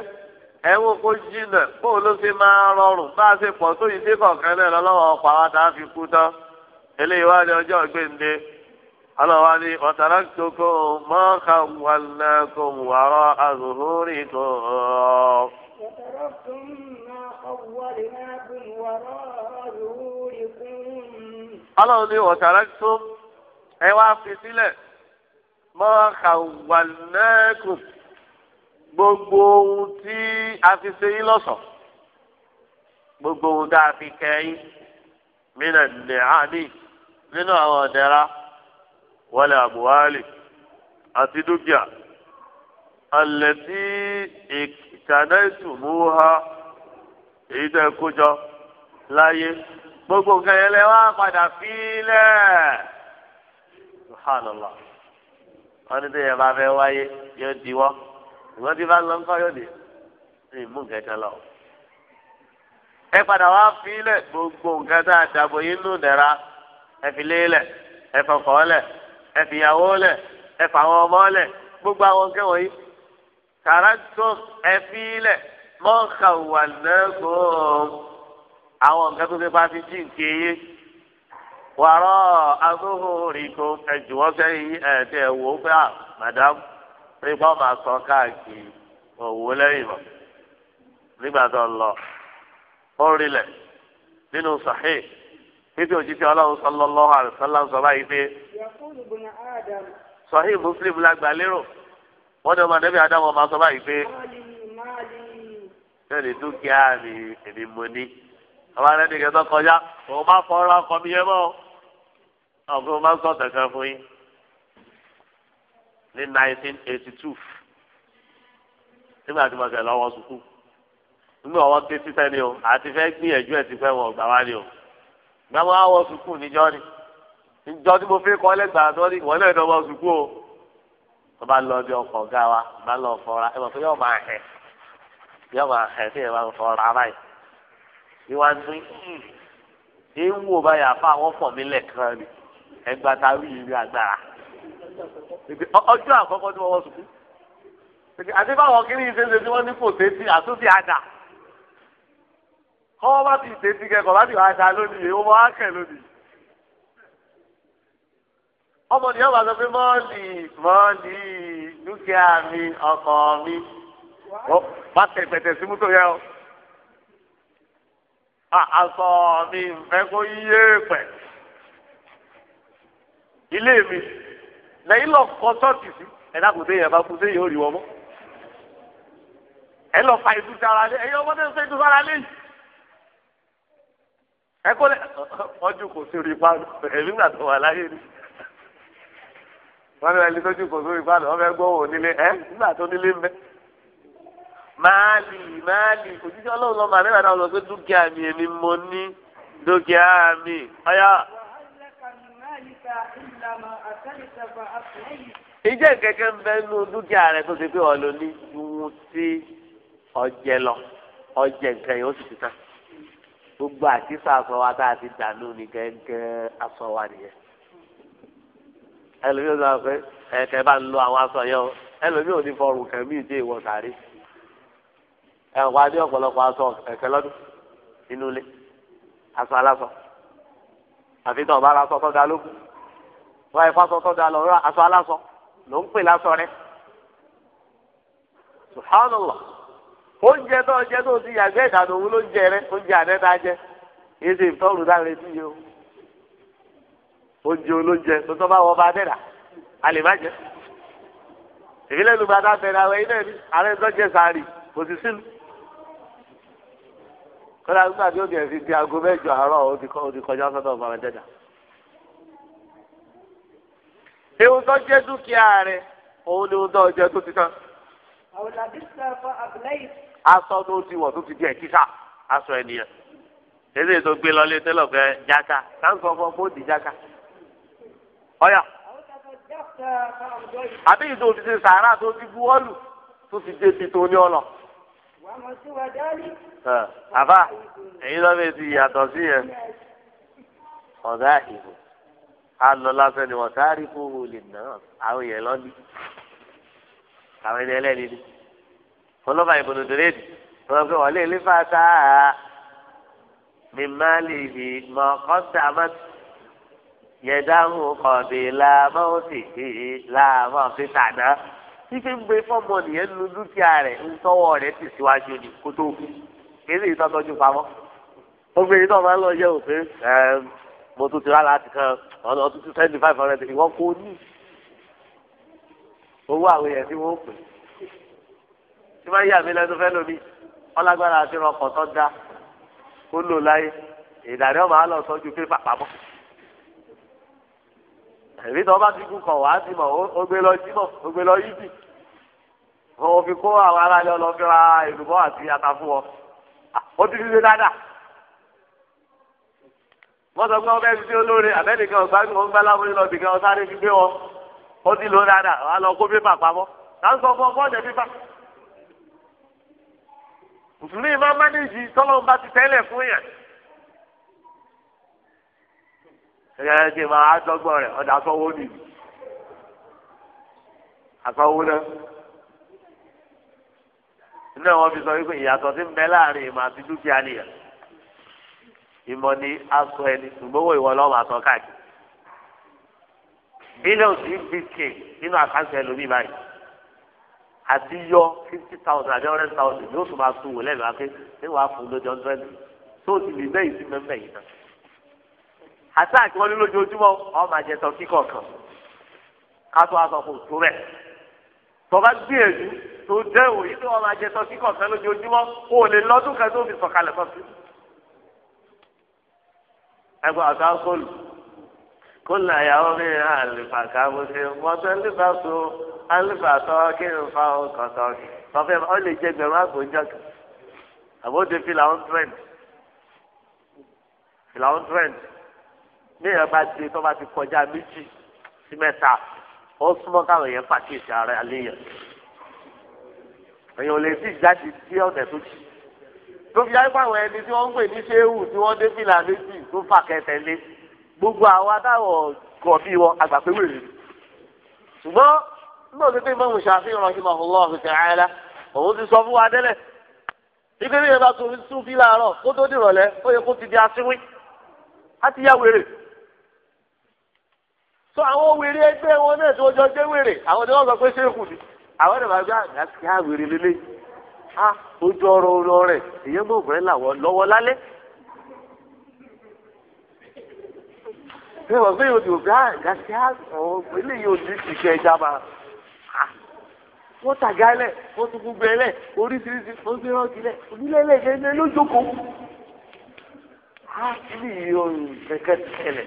ẹ wo kó jìnnà bóun ló ṣe máa rọrùn bá a ṣe pọ̀ tó yìí dé kọ̀ọ̀kan náà lọ́wọ́ ọ̀pọ̀ àwọn àtàwọn fi kú tán eléyìí wá ní ọjọ́ gbèǹde aláwa ni ọ̀tàlákòókò mọ́ọ̀ká wàlẹ́kò wàrọ̀ àzùhúrì kò. aláwa ni ọ̀tàlákòókò ẹ wá fi sílẹ̀ mọ́ọ̀ká wàlẹ́kò gbogbo ohun tí a fi ṣe yín lọ́sọ̀ọ́ gbogbo ohun tá a fi kẹ́ yín mí nà ní àdéhùn. nínú àwọn ọ̀dẹ́ra wọlé àbúwálì àti dúkìá alẹ́tí ìtànẹ́tù mú ha èyí tẹ́ kójọ láyé gbogbo nǹkan yẹn lẹ́ wá padà fílẹ̀ subhanallah wọ́n ní bá wáyé yóò diwọ́ ìwọ́n ti bá lọ yóò gbogbo nǹkan tá a dàbò yín ẹ̀fìlẹ́ lẹ̀ ẹ̀fọ̀kọ́ lẹ̀ ẹ̀fìyàwó lẹ̀ ẹ̀fàwọn ọmọ lẹ̀ gbogbo àwọn kẹwọ̀n yìí kàràtún ẹ̀fí lẹ̀ mọ́ǹkà wà lẹ́kọ̀ọ́ àwọn nǹkan tó fi bá fi jí nǹkan yé wàrọ̀ agbóhùnrìnkò ẹ̀jùwọ́ sẹ́yìn ẹ̀ẹ́dẹ́ wò ó bá madam pé máa sọ káàkiri òwò lẹ́yìn mọ́ nígbà tó lọ ó rí lẹ̀ nínú sàhíì níbi òjíṣẹ́ ọlọ́run sallallahu alaihi wasallam sọ pé sọ̀hí muslim lágbà lérò wọ́n ní ọmọ nẹ́bí adáwọ̀ máa sọ báyìí pé lẹ́nu dúkìá ni èmi mo ní ọba rẹ̀ nìkan tó kọjá òun máa fọ ọ̀rọ̀ ọkọ mi yẹn mọ́ ọ̀gbìn máa ń sọ tẹ̀kan fún yín ní 1982 nígbà tí mo kẹ̀ lọ́wọ́ sukú nígbà wọ́n ké sísẹ́ ni o àti fẹ́ gbìyànjú ẹ̀ ti fẹ́ wọn ọ̀gbà wá ni o gbàmọ́ àwọ̀ sùkúù níjọ́ ni ìjọ tí mo fi kọ́ lẹ́gbàá tó ní ìwọ́n náà dọ́wọ́ o tó bá lọ bí ọkọ̀ ọ̀gá wa bá lọ fọra ẹ mọ̀ pé yóò máa hẹ̀ yóò máa hẹ̀ tí ẹ bá ń fọra báyìí ìwà ní ewu ò bá yà fún àwọn fọ̀ mi lẹ́ẹ̀kan ni ẹgbàá ta rí ìrírí agbára ọjọ́ àkọ́kọ́ tí wọ́n wọ́ sùkúù àti báwọn kiri ìṣe tí wọ́n ní kò sétí àtúntì àdà kọ́ bá ti ṣe ti kẹ́kọ̀ọ́ bá ti wá aṣa lónìí èèwọ̀ bá wá kẹ̀ lónìí. ọmọ nìyẹn bá sọ pé mọ́ọ̀lì mọ́ọ̀lì dúkìá mi ọkọ̀ mi bá tẹ̀ pẹ̀tẹ̀ sí mútò yẹn o. aṣọ mi nfẹ́ kó yé pẹ̀. ilé mi lẹ́yìn lọ kọ́ sọ́ọ̀tì sí ẹ̀dá kò dé yẹn bá kú sí yẹn ó rí wọn mọ́. ẹ lọ fa ìdúsára lé ẹ̀yin ọmọdé ń fẹ́ ìdúsára lé yìí. ẹ kó lẹ ọjọ́ kò sí orí fáànù èmi gbà tó wà láyé ni wọn bẹ ẹni tójú kò sí orí wọn nílé ẹ tó nílé mbẹ máàlì máàlì òjijì ọlọ́run lọ́mọ àbẹ́rẹ́ lọ dúkìá mi èmi ní dúkìá mi ìjẹ́ kẹ̀kẹ́ ń nínú dúkìá rẹ tó ti pé ní ju lọ nǹkan ó sì ti tán. gbogbo àtisà aṣọ wa tá a ti dànù ní gẹ́gẹ́ aṣọ wa nìyẹn ẹlòmíì sọ pé ẹ̀kẹ́ bá ń lo àwọn aṣọ yẹn o ẹlòmíì ò ní fọrùn kẹ̀mí ìdí ìwọ sàárì ẹ̀wọ̀n adé ọ̀pọ̀lọpọ̀ aṣọ ẹ̀kẹ́ lọ́dún inú ilé aṣọ aláṣọ àfi tán ọba aláṣọ tó da lókun wọ́n ẹ̀fọ́ aṣọ tó da lọ aṣọ aláṣọ ló ń pè láṣọ rẹ̀ subhanallah. oúnjẹ tó jẹ tó ti yàgbé ìdàdó òun ló ń jẹ rẹ oúnjẹ àdẹ́ta jẹ èsì ìtọ́rù dáre sí yìí o oúnjẹ olóúnjẹ tó tọ́ bá wọ bá dẹ́dà a lè má jẹ ìbílẹ̀ lùgbà tá a bẹ̀rẹ̀ àwọn ilé mi ààrẹ tó jẹ sàárì kò sì sílu kọ́lá nígbà tí ó bẹ̀rẹ̀ di aago mẹ́jọ àárọ̀ ó ti kọjá sọ́dọ̀ ewu tó dúkìá òun ni ohun tó jẹ tó ti tán. yìí. aṣọ tó ti wọ̀ tó ti di ẹ̀ kíkà aṣọ ẹ̀ nìyẹn tẹ́lẹ̀ tó gbé lọlé tẹ́lẹ̀ fẹ́ jáka sáńsọ fún kó di jáka ọ̀yà àbí ìdó ti ṣe sàárà tó ti bu ọ́lù tó ti dé ti tó ní ọ̀nà. àbá èyí lọ́wọ́ ti yàtọ̀ sí yẹn ọ̀gá ìbò alọ lásán ni wọ́n sáré kó o lè ná àwọn yẹn lọ́lí àwọn ẹni ẹlẹ́ni ni kọlọ́ba ìbùnú dèrèdì wọn pé wọ́n lè lè fà tá a mi má lè fi mọ kọ́ńtà mọ́tò yẹn dáhùn kọ̀ọ̀dé làmọ́ òsì làmọ́ òsì tàná fífi ń gbé fọ́ọ̀mù nìyẹn nu dúkìá rẹ̀ ń tọ́wọ́ rẹ̀ tì síwájú ni kó tó kú kéde ìtọ́jú pamọ́ ó gbé yìí náà máa ń lọ yẹ òfin mo tún ti rà láti kan ọ̀nà ọ̀tún tún sẹ́ńdì five hundred ìwọ́n kò ní owó àwọn èèyàn tí wọ́n pè é tí wọ́n yà mí lẹ́nu fẹ́ lómi ọlágbára àti ọkọ̀ tó da ó lò láyé ìdàrí ọmọ àlọ́ sọ́jú pé pàpàmọ́ èmi tó bá ti kú kọ̀ wá sí mọ̀ ó gbé lọ jí mọ̀ ó gbé lọ yí bì wọ́n fi kó àwọn aráàlú ọlọ́fẹ́ ra èlùbọ́ àti ata fún ọ ó ti fi ṣe dáadáa wọ́n sọ pé wọ́n fẹ́ẹ́ fi olóore àbẹ́nìkan ọ̀gbá ní wọ́n gbá láwùjọ lọ bìkan ọ̀sáré fi gbé wọn ó ti lò dáadáa wọ́n á lọ kó pépà pamọ́ láti fún ọkọ mùsùlùmí máa mánéjì tọ́lọ́run bá ti tẹ́lẹ̀ fún yẹn. ẹ̀yẹ́ ti máa dọ́gbọ́n rẹ̀ ọ̀dà àfọwọ́ ni àfọwọ́ náà iná wọn fi sọ wípé ìyàtọ̀ ti ń bẹ láàrin ìmọ̀ àti dúkìá nìyẹn ìmọ̀ ni aṣọ ẹni ṣùgbọ́wọ́ ìwọ lọ́wọ́ àtọ́ káàkiri bílíọ̀nù bíi bíkì nínú àkáǹtì ẹlòmíì báyìí àti yọ fifty thousand àbí hundred thousand yóò tún máa tún wò lẹ́nu àké ṣé wàá fún lójó hundred tó o ti lè bẹ́ẹ̀ sí mẹ́mẹ́ yìí náà. àti àti wọn ní lójoojúmọ́ ọ máa jẹ tán kíkọ̀ kan ká tó aṣọ kò tó rẹ̀ tọba gbìyànjú tó jẹ́ òye tó wọn máa jẹ tán kíkọ̀ kan lójoojúmọ́ kó o lè lọ́dún kan tó fi sọ̀kalẹ̀ kan ẹgbẹ́ àti àkọlù kólà yàwó mi àlìfà kàmùsì mọ́tò nípa tó àlìfà tó kí n fa ọkàn tó kí tọ́fẹ́ ọ lè jẹ gbẹ̀rún àgbòjọ kan àbóde fìlà on trend fìlà on trend ní ìyẹn bá ti tó bá ti kọjá méjì sí mẹ́ta ó súnmọ́ káwọn èèyàn pàkíyèsí ara àléyàn èèyàn ò lè sì jáde sí ọ̀nà tó jì tó fi ayé fáwọn ẹni tí wọ́n ń pè ní ṣéwù tí wọ́n dé fìlà méjì tó fà kẹtẹ lé sí gbogbo àwọn adáwọ̀ kọ̀ bí wọn àgbà pé wèrè ṣùgbọ́n nígbà tó pé mọ́mú ṣàfihàn rahimahullah ta'ala òun ti sọ fún wa délẹ̀ ibi ní ìyẹn bá torí súnfì láàárọ̀ kó tó dìrọ̀lẹ́ ó yẹ kó ti di aṣíwí á ti yá wèrè tó àwọn wèrè ẹgbẹ́ wọn náà tí wọ́n jọ jẹ́ wèrè àwọn ni wọ́n sọ pé ṣéèkù ni àwọn ni wọ́n gbé àgbà ah, wèrè lélẹ̀ á ah, ojú ọrọ̀ ọrọ̀ rẹ̀ èyí ń bọ̀ òbúrẹ́ làwọn lọ́wọ́ lálẹ́ ṣé wọ́n gbé yóò di òbí à gàṣí à eléyìí ò ìṣe ẹja mà wọ́n tàgá lẹ̀ wọ́n tún gbogbo ẹ oríṣiríṣi wọ́n gbé rántí lẹ̀ onílẹ̀ lẹ̀ gẹ́gẹ́ lójókòó á ah, kílì kẹ̀kẹ́ tẹ̀lẹ̀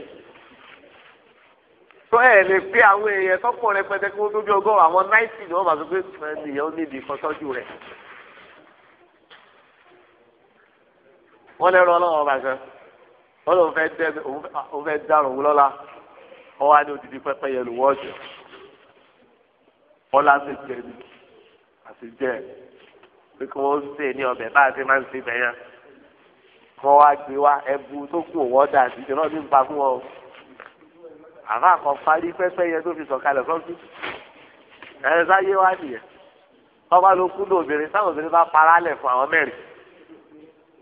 tó ẹ̀ lè pé àwọn èèyàn tọ́pọ̀ rẹ pẹ̀tẹ́ kí wọ́n tó bí ọgọ́rùn àwọn náìtì ni wọ́n bá tó pé ènìyàn ní ìdí ìfọ́sọ́jú rẹ̀ wọ́n lẹ́rọ ọlọ́run ọba gan-an wọn lòun fẹ́ dẹ òun fẹ́ dárùn òun lọ́la wọn wá odidi pẹpẹ yẹn lò wọ́ọ̀jù wọn lá ti jẹ ní àti jẹ pé kí wọ́n sè ní ọbẹ̀ bá a ti máa ń sè bẹ́ẹ̀ yẹn wọn wá gbé wá ẹbu tó kù òwò ọ̀dà àti ìjọba ní nípa fún wọn o àbá kan parí pẹpẹ yẹn tó fi sọ̀kalẹ̀ fọ́nkú ẹ̀ sáyé wá nìyẹn tọ́ba ló kú lóbìnrin táwọn obìnrin bá para lẹ̀ fún àwọn mẹ́rin.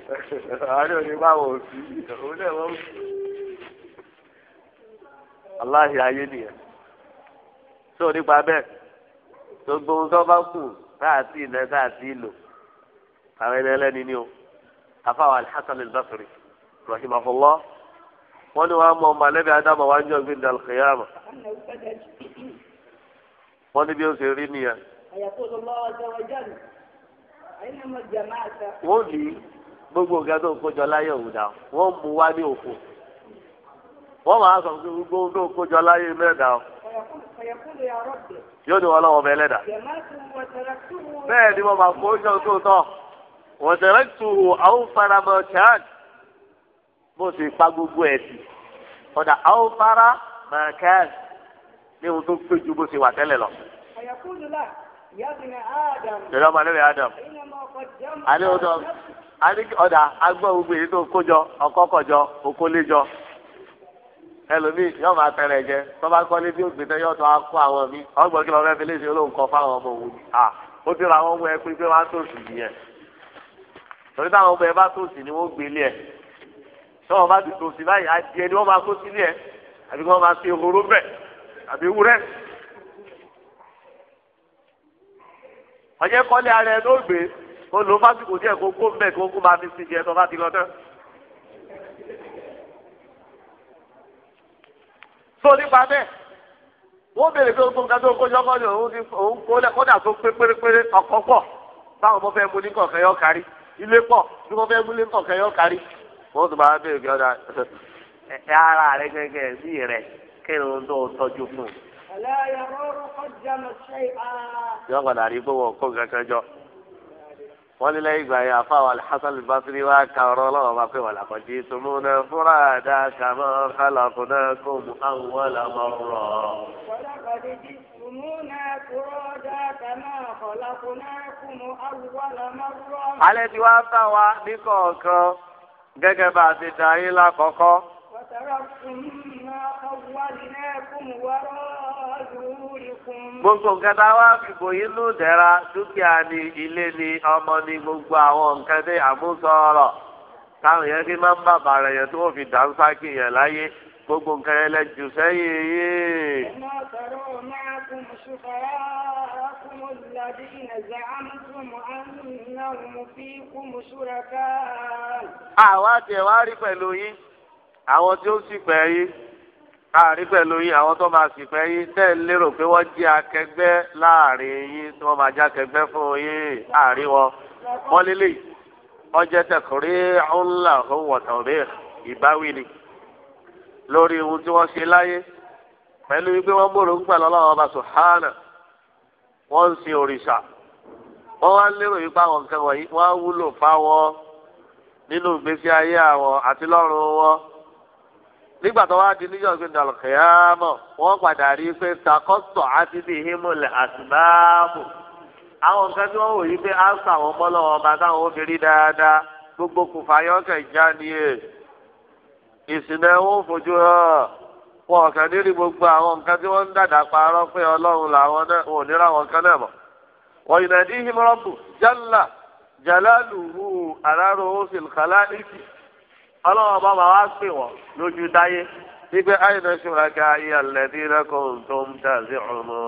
àwọn oníbàwọ̀ òsì òun náà wọ́n fi aláhi ayé nìyẹn tó nípa bẹ́ẹ̀ gbogbo ohun tó bá kù táàtì ilẹ̀ táàtì ìlò àwọn ẹni ẹlẹ́ni ni o afáwọn alḥasan al-basri rahimahullah wọ́n ní wàá mọ ọmọ alẹ́bí adámọ̀ wàá jọ gbé ndàlù kìyàmù wọ́n ní bí ó ṣe rí nìyẹn. àyàkó lọ́wọ́ ọjọ́ ọjọ́ mi àyìnbó jàmáà ta. wọ́n ní gbogbo nǹkan tó kójọ láyé òun dà wọ́n mú wá ní òfò wọ́n máa sọ pé gbogbo ohun tó kójọ láyé mẹ́ta o yóò ní wọn lọ́wọ́ bẹ́ẹ̀ lẹ́dà bẹ́ẹ̀ ni wọ́n máa kójọ tó tọ̀ wọ́n tẹ̀rẹ́ tu àwọn faramọ́ chad bó ti pa gbogbo ẹ̀ sí ọ̀dà àwọn faramọ́ chad ní ohun tó pé ju bó ti wà tẹ́lẹ̀ lọ. ìjọba ní rẹ̀ Adam. àdéhùn tó àníkì ọ̀dà agbọ́n gbogbo èyí tó kójọ ọ̀kọ́kọ̀jọ òkólẹ́jọ ẹlòmíì yóò máa tẹrẹ jẹ tó bá kọ́lé bí ògbìnà yóò tó akọ àwọn mi ọgbọ́n kí lọ fẹ́ fi léṣe olóhùn kọ fáwọn ọmọ òun à ó ti ra àwọn ọmọ ẹ pé pé wọ́n á tòṣì nìyẹn torí táwọn ọmọ ẹ bá tòṣì ni wọ́n gbé ilé ẹ̀ tí wọ́n bá ti tòṣì báyìí adìẹ ni wọ́n máa kó sílé ẹ̀ àbí wọ́n máa fi ehoro bẹ̀ àbí wúrẹ́ ọjẹ́ kọ́lé ara ẹ onu lò fásitì díẹ̀ kó kó mbẹ́ kó kó máa fi sí jẹ ti lọ tán. so nípa bẹ́ẹ̀ wọ́n béèrè pé ogun kan tó kó yọkọ́ ni òun ti òun kódà tó pé pérépéré ọ̀kọ́ pọ̀ báwọn mo fẹ́ mú ní kọ̀ọ̀kan yọ kárí ilé pọ̀ bí mo fẹ́ mú ní kọ̀ọ̀kan yọ kárí. wọ́n tún máa ọ̀dà ẹ ara rẹ gẹ́gẹ́ bí rẹ kí ni tó tọ́jú fún un. Ah. wọ́n ní lẹ́yìn ìgbà yẹn àfa wa Hasan al-Basri wa ka ọ̀rọ̀ ọlọ́wọ́ bá pé wà lápàdé tòmú náà fúnra dá kàmọ́ kálọ̀kù náà kó mu àwọn ọlọ́mọ rọ̀. alẹ́ tí wàá bá wa ní kọ̀ọ̀kan gẹ́gẹ́ bá a ti dá yín lákọ̀ọ́kọ́. wàtàrà fún mi máa kọ́ wálé náà mu wá rọ̀ gbogbo nǹkan tá a wá fi bòyí dẹ́ra dúkìá ni ilé ni ọmọ ni gbogbo àwọn nǹkan tẹ àmúsọ̀rọ̀ táwọn yẹn fi máa ń bàbà rẹ̀ yẹn tí wọ́n fi dá sákì yẹn láyé gbogbo nǹkan yẹn lẹ jù sẹ́yìn yìí. àwa tiẹ̀ wá rí pẹ̀lú yín àwọn tí ó sì pẹ̀ yín. káàrí pẹ̀lú yín àwọn tó máa sì fẹ́ yín tẹ́ ẹ lérò pé wọ́n jẹ́ akẹgbẹ́ láàrin yín tí wọ́n máa jẹ́ akẹgbẹ́ fún yín àárín wọn wọ́n lélẹ̀ wọ́n tẹkùnrin ọ̀la ọ̀wọ̀tàn ìbáwí ni lórí ohun tí wọ́n ṣe láyé pẹ̀lú wọ́n pẹ̀lú wọ́n ń sin òrìṣà wọ́n wá nígbà wá di níjọ́ gbé dàlù kìámọ̀ wọ́n padà rí i pé takọ́sọ̀ àti bí hímùlẹ̀ àtìmáàmù àwọn nǹkan tí wọ́n wò yí pé áńsà àwọn ọmọlọ́wọ́ ọba táwọn ó fi rí dáadáa gbogbo kùfà yọ̀ọ̀kẹ̀ já ni e ìsìnà ẹ̀wọ̀n fojú hàn wọn kàn ní rí gbogbo àwọn nǹkan tí wọ́n ń dàdà parọ́ pé ọlọ́run làwọn náà wọn ò ní kan náà mọ̀ wọ́n yìí nàdí hímọ́rọ́bù jálà jálálùú àrárò ó sì kàlá ọlọ́run ọba máa wá pè wọ́n lójú dáyé wípé àyìnbó ṣùràkà ayé àlẹ́dí lẹ́kọ̀ọ́ tó ń tàzí ọmọ.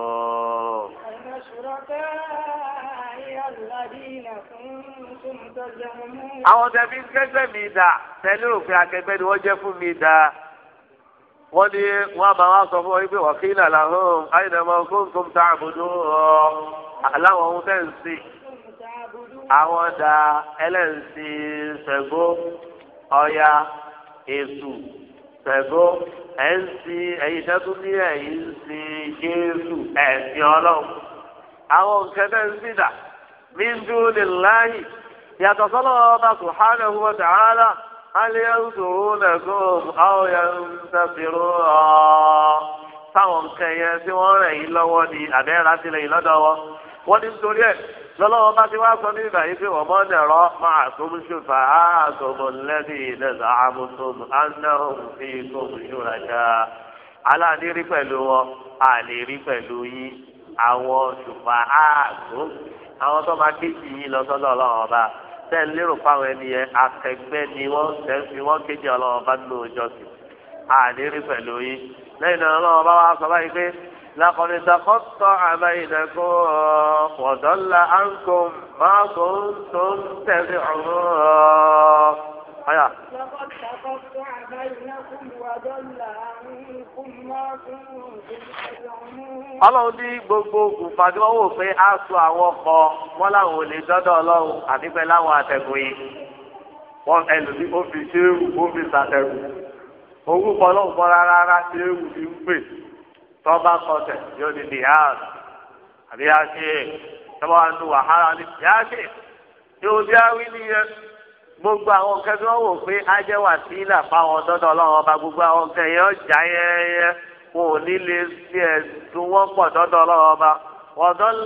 àwọn tẹ̀bí kẹgbẹ́ mi dà tẹ̀lé òfin akẹgbẹ́ ni wọ́n jẹ́ fún mi dà wọ́n ní wọ́n máa wá sọ fún ọ wípé wàkílà làhùn àyìnbó máa kó nǹkan tá àbùdó ọ aláwọ̀ ohun tẹ̀ ń sìn àwọn dà ẹlẹ́sìn ṣẹ̀gbọ́n ọya èṣù pẹ̀gọ́ ẹ̀ ń sin ẹ̀yin sẹ́tún ní ẹ̀yin ń sin jésù ẹ̀sìn ọlọ́run àwọn nǹkan náà ń sìnà mí ń dúró lè láàyè yàtọ̀ sọ́lọ́ ọba subhanahu wa ta'ala alẹ́yàwùsòwò lẹ́kọ̀ọ́ àwọn yàtọ̀sẹ̀rọ̀ ọ́ táwọn nǹkan yẹn tí wọ́n rẹ̀ yín lọ́wọ́ ni àbẹ́rẹ́ àtìlẹ́yìn lọ́dọ̀ wọn wọ́n ní nítorí ẹ̀ lọ́lọ́wọ́ bá ti wá sọ ní ìgbà yìí pé wọ́n mọ́ni ẹ̀rọ máa tó ń ṣùfà á àtọ̀mọ̀ lẹ́bí ìdẹ́sà àmútòm ánáhùn sí ìtòm ìṣúraṣà aláàdírí pẹ̀lú wọn àlèrí pẹ̀lú yín àwọn ṣùfà á àtò àwọn tó máa kéjì yín lọ sọ́dọ̀ ọlọ́run ọba tẹ́ ń lérò fáwọn ẹni yẹn akẹgbẹ́ ni wọ́n tẹ́ fi wọ́n kéjì ọlọ́run ọba nínú ìjọsìn àlèrí pẹ̀lú yín lẹ́yìn náà ọlọ́run ọba wa sọ لقد تقطع بينكم وضل عنكم ما كنتم تدعون أيا بينكم وضل عنكم ما كنتم تدعون ọlọ́run ní gbogbo ògùnfàdé wọn wò pé a sọ àwọn ọkọ wọn làwọn ò lè dọ́dọ̀ ọlọ́run àti pé láwọn àtẹ̀gùn yìí wọn ẹlòmí ó fi ṣéwù ó fi ṣàtẹ̀gùn ògùnfọ́ ọlọ́run fọ́ rárá ṣéwù ti ń pè. tọba kọtẹ yóò di dihaz àbí yáṣe tọ́ba wa nu wàhálà ní yáṣe yóò di awí nìyẹn gbogbo àwọn nǹkan tí wọ́n wò pé ajẹ́ wà sí ilà fáwọn ọba gbogbo àwọn nǹkan yẹn ọjà yẹnyẹ wọn ò ní lè fi wọn ọba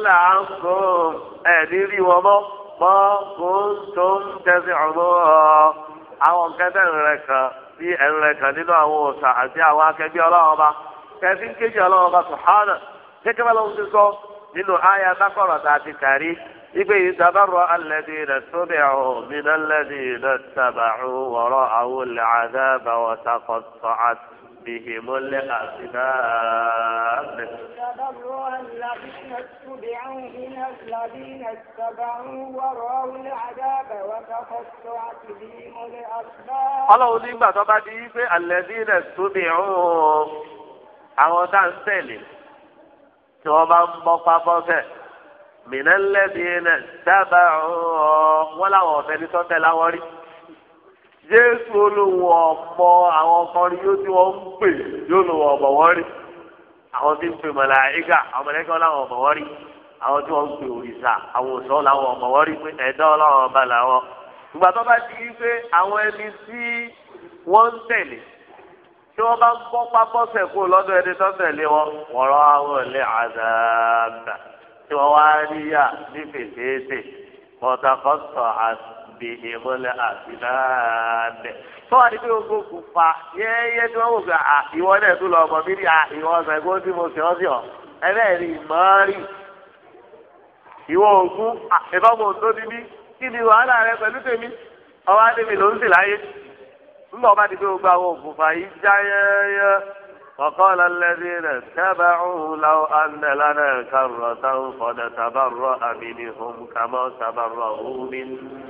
là ń kó rí wọn kó tó ń àwọn nǹkan bí kan nínú àwọn àti àwọn ọba. kẹfí kejì ọlọ́wọ́ bá sùhánà kékeré lọ́wọ́ ti sọ nínú àyà bákọ̀rọ̀ tá a ti kàrí ipe ìdábàrọ̀ alẹ́dì rẹ̀ tóbi ọ̀hún min alẹ́dì rẹ̀ tàbàrù wọ̀rọ̀ àwọn olè àdábà wọ̀tà kọ̀tọ̀ àti. بهم الأسباب تبرأ الذين اتبعوا من الذين اتبعوا ورأوا العذاب وتقطعت بهم الأسباب. قالوا لما تبعوا الذين اتبعوا àwọn tá à ń tẹ̀lé tí wọ́n bá ń bọ́ pábọ́sẹ̀ mìíràn lẹ́bi náà dábàá wọn láwọn ọ̀fẹ́ ní sọ́tẹ̀ láwọn rí jésù olówó ọmọ àwọn kan rí yóò tí wọ́n ń pè yóò lówó ọmọ wọn rí àwọn tí ń pè màláíkà àwọn mọ̀lẹ́kẹ́ láwọn ọmọ wọn rí àwọn tí wọ́n ń pè òrìṣà àwọn òṣọ́ láwọn ọmọ wọn rí pé ẹ̀dá ọlọ́run ọba làwọn ìgbà tó bá di wípé àwọn ẹni tí wọ́n ń tẹ̀lé tí wọ́n bá ń bọ́ pápọ́sẹ̀ kó lọ́dọ̀ ẹni tó tẹ̀lé wọn wọ̀rọ̀ àwọn ilé àdàbà tí wọ́n wá rí yà ní fèfèèsè mọ̀tàkọ́sọ̀ àbí ìmọ̀lẹ̀ àbínáàbẹ̀. tó wà ní bí gbogbo kò fa yẹ́yẹ́ tí wọ́n wò pé à ìwọ náà tún lọ ọmọ mi rí à ìwọ ọ̀sẹ̀ kó tí mo sì ọ́ sí ọ́ ẹ̀rẹ́ rí mọ́ọ́rì ìwọ ògún ìbámu òǹdó níbí kí ni wàhálà rẹ pẹ̀lú tèmi ọwọ́ adé mi ló ń sì láyé ńgbà wọn bá di pé gbogbo àwọn òkùnfà yìí já yẹ́yẹ́ kọ̀kọ́ lọ́lẹ́dí rẹ̀ tẹ́bà ọ̀hún láwọn àndẹ̀lá náà kárọ̀ táwọn fọ̀dà tàbárọ̀ àmìlì hùm kàmọ́ tàbárọ̀ ọ̀húnmí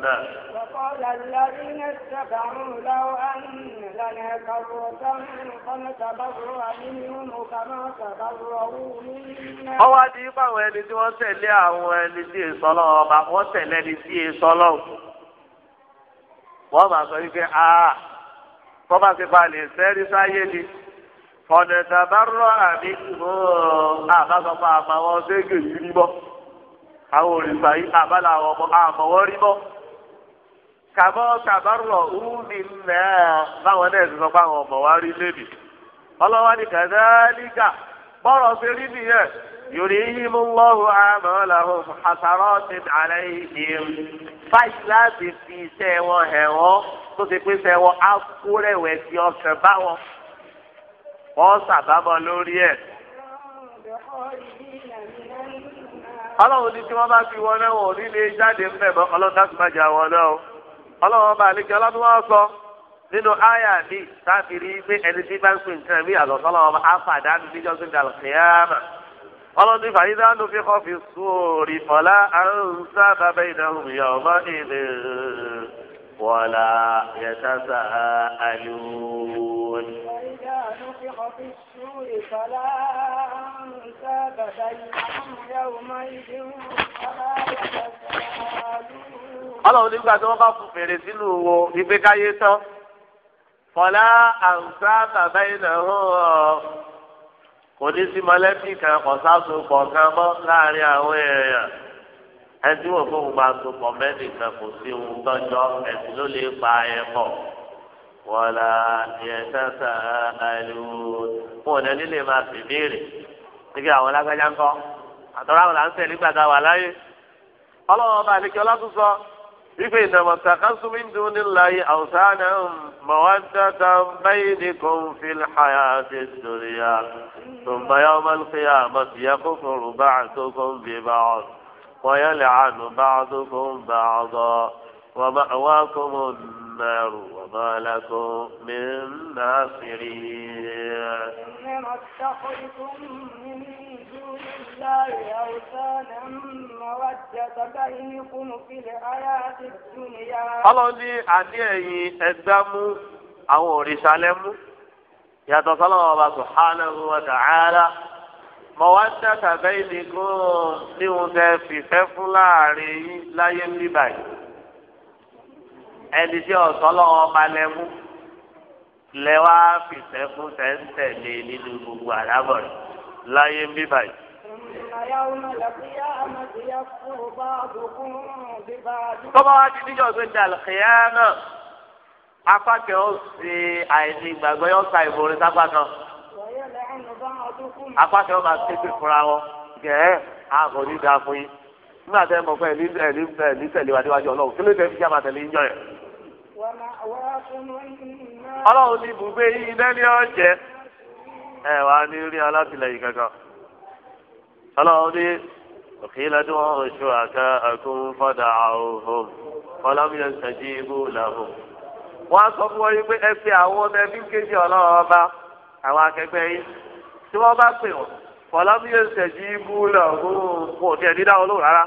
náà. kọ̀kọ́ lọ́lẹ́dí rẹ̀ tẹ́bà ọ̀hún láwọn àndẹ̀lá náà kárọ̀ táwọn fọ̀dà tàbárọ̀ àmìlì hùm kàmọ́ tàbárọ̀ ọ̀húnmí náà. ọwọ́ adi ipa àwọn ẹni tí wọ́n tẹ̀lé àwọn ẹni tí èso ọlọ́wọ́ ọba wọ́n tẹ̀lé ẹni tí èso ọlọ́wọ́ wọ́n máa sọ wípé aah tọ́ba ti pa lè sẹ́rí sáyé ni ọ̀nà ìtàbárọ̀ àmì ìhó àbásọ̀pọ̀ àmàwọ̀ ṣéèkì yìí rí bọ́ àwọn òrìṣà yìí àbálà ọmọ àmọ̀wọ́ rí bọ́ kàbọ̀ tàbárọ̀ ùmí náà báwọn náà ti sọ pé àwọn ọmọ wa rí lébi ọlọ́wọ́ ni kàdáníkà bọ́rọ̀ ṣe rí nìyẹn. يريهم الله أعمالهم حسرات عليهم فإلا في سوى هوا تسيب سوى أفكور وسيوس باو وصباب لوريه ọlọ́run ní tí wọ́n bá fi wọlé wọn ò ní lè jáde ńbẹ̀ mọ́ ọlọ́run láti má jà wọn náà o ọlọ́run ọba àlejò ọlọ́run wọn sọ nínú àyà mi sáfìrí pé ẹni tí bá ń pè nǹkan mi àlọ́ sọ́lọ́run ọba á fàdánù dàlùkìyàmà ọlọ́dún fàyídá ló fi kọ́fì sóòrì fọlá àrùn sábà bẹ́ẹ̀ ìdáhùn ìyá ọmọ ìlú wọlá yẹtàṣà àlùwọ̀n. fàyídá ló fi kọ́fì sóòrì fọlá àrùn sábà bẹ́ẹ̀ ìdáhùn ìyá ọmọ ìlú wọlá yẹtàṣà àlùwọ̀n. ọlọ́run nígbà tí wọ́n bá fún fèrè sínú wo ìgbékáyé tán fọlá àrùn sábà bẹ́ẹ̀ ìdáhùn ọ̀ kò ní sí mọ̀lẹ́bí kan kọ̀sásùn kọ̀ọ̀kan mọ́ láàrin àwọn èèyàn ẹtí wò fún gbogbo àtòpọ̀ mẹ́nìkan kò sí ohun tọ́jọ́ ẹ̀sìn ló lè pa ẹ̀ pọ̀ wọ́lá ìyẹ̀sẹ̀sẹ̀ ẹ̀lú wọn ò lẹ́ni lè máa fi béèrè níbi àwọn lágbájá ńkọ́ àtọ́rọ́ àwọn là ń tẹ̀ nígbà tá a wà láyé ọlọ́wọ́ ọba àlekí ọlọ́tún sọ wípé ìdàmọ̀ tàkásù mi dùn ní láyé àwùsánà mọ̀wádàtà báyìí kò ń fi hàyà àti ìdòrìyà tòǹbàyà ọmọlùkìyà àmọ̀tìyà kòkòrò bá àtòkò ń bí bá ọ̀ wọ́yẹ̀ lè àánú bá àtòkò ń bá ọ̀dọ́ wọ́n kò mọ̀ nàrú wọ́n lákò mí nàásìrì. دون الله أوثانا مودة بينكم في الحياة الدنيا ọlọ́run ní àní ẹ̀yin ẹgbẹ́ ọba subhanahu wa ta'ala mawaddata ẹni tí ọ̀sán lọ́wọ́ ọba lẹ́mú lẹ́wàá fìfẹ́ fún nínú gbogbo láyé ń bí báyìí. tọ́ba wa ti díjọ́ pé dàlùkìyà náà apá kẹ́ ó ṣe àìní ìgbàgbọ́ yóò sa ìbòrè sápá kan apá kẹ́ ó máa tètè fúnra wọn gẹ̀ẹ́ àgọ́ ní fún yín nígbà tẹ́ mọ̀ fún ẹ̀lí ẹ̀lí ẹ̀lí tẹ̀lé wa níwájú ọlọ́run kí ló dé fi jáma tẹ̀lé yín jọ ọlọ́run ní ibùgbé yín lẹ́ni ọ̀jẹ̀ ẹ wàá ní rí alátìlẹyìn kankan ọlọ́run ní òkèlè tí wọ́n oṣù àká ẹkún fọ́dà ọ̀hún fọlámiyàn ṣàjì ibú làwọn. wọ́n á sọ fún wọn pé ẹ fi àwọn ọmọ ẹbí kejì ọlọ́run ọba àwọn akẹgbẹ́ yín tí wọ́n bá pè wọ́n fọlámiyàn ṣàjì ibú làwọn kò tiẹ̀ ní dáhùn lóhùn rárá.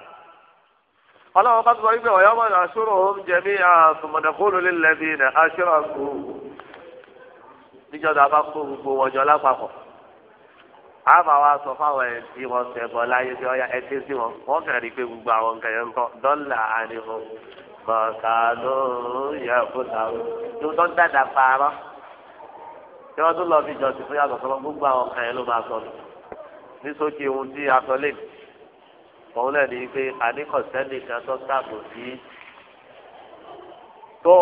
ọlọ́run bá tún sọ wípé ọ̀yọ́mọ̀ àṣúrò níjọba bá kó gbogbo wọn jọ lápapọ̀ a máa wá sọ fáwọn ẹ̀ tí wọ́n ṣẹ̀ bọ́ láyé bí ọya ẹ̀ tí sí wọn wọ́n fẹ́ rí pé gbogbo àwọn nǹkan yẹn ń kọ́ dọ́là àníhó bọ̀kánú yẹ̀kúta tó tó ń dàda pààrọ̀ tí wọ́n tún lọ fi jọ̀sìn fún yàtọ̀ sọ́lọ́ gbogbo àwọn nǹkan yẹn ló máa sọ nù ní sókè ohun tí a sọ lé òun náà ní pé àníkọ̀sẹ́nì kan tó tààbò sí tó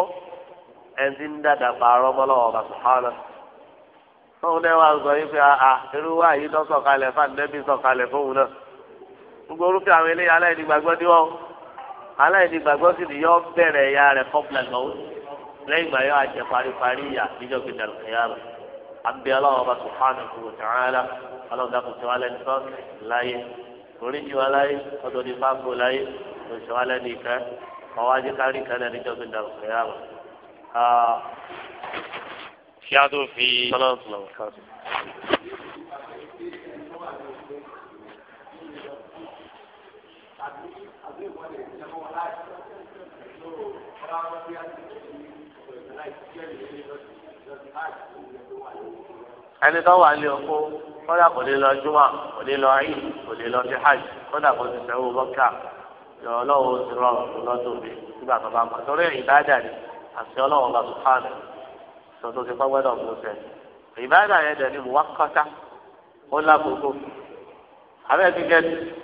ẹni tí ń dàda pààrọ̀ mọ́lọ́wọ́ bàtà tóun náà wà sọ yìí pé àà irú wa yìí lọ sọ̀kalẹ̀ fún àdínẹ́bí sọ̀kalẹ̀ fóun náà gbogbo orúkọ àwọn eléyìí aláìní gbàgbọ́ ní wọn aláìní gbàgbọ́ sì ni yọ bẹ̀rẹ̀ ẹ̀yà rẹ̀ kọ́pìlà lọ́wọ́ lẹ́yìn ìgbà yóò àjẹ paríparí ìyà níjọ́ gbé dàrú àbí ọlọ́wọ́ bá subhanahu wa ta'ala ọlọ́wọ́ dàkú tí wọ́n lẹ́nu sọ́ọ̀sì láyé oríjì wa láyé ọdún ní fáàgbó láyé oṣù wa lẹ́nu ìkẹ́ kí a tó fi sọ́lọ́ọ̀tún lọ́wọ́ káàtó. ẹni tó wà ní oko kódà kò lè lọ júmọ kò lè lọ ayé kò lè lọ sí hajj kódà kò sì sẹ́wọ́ bọ́kà lọ́wọ́ ti rọrùn lọ́dún mi nígbà tó bá mọ̀ torí ìbáàdà ni àti ọlọ́wọ́ bá sùn fáànù tuntun ti kọ́ gbọ́dọ̀ mú sẹ́ ìbáàdà yẹn dẹ̀ ni mo wá kọ́tà ó lákòókò abẹ́ ti gẹ́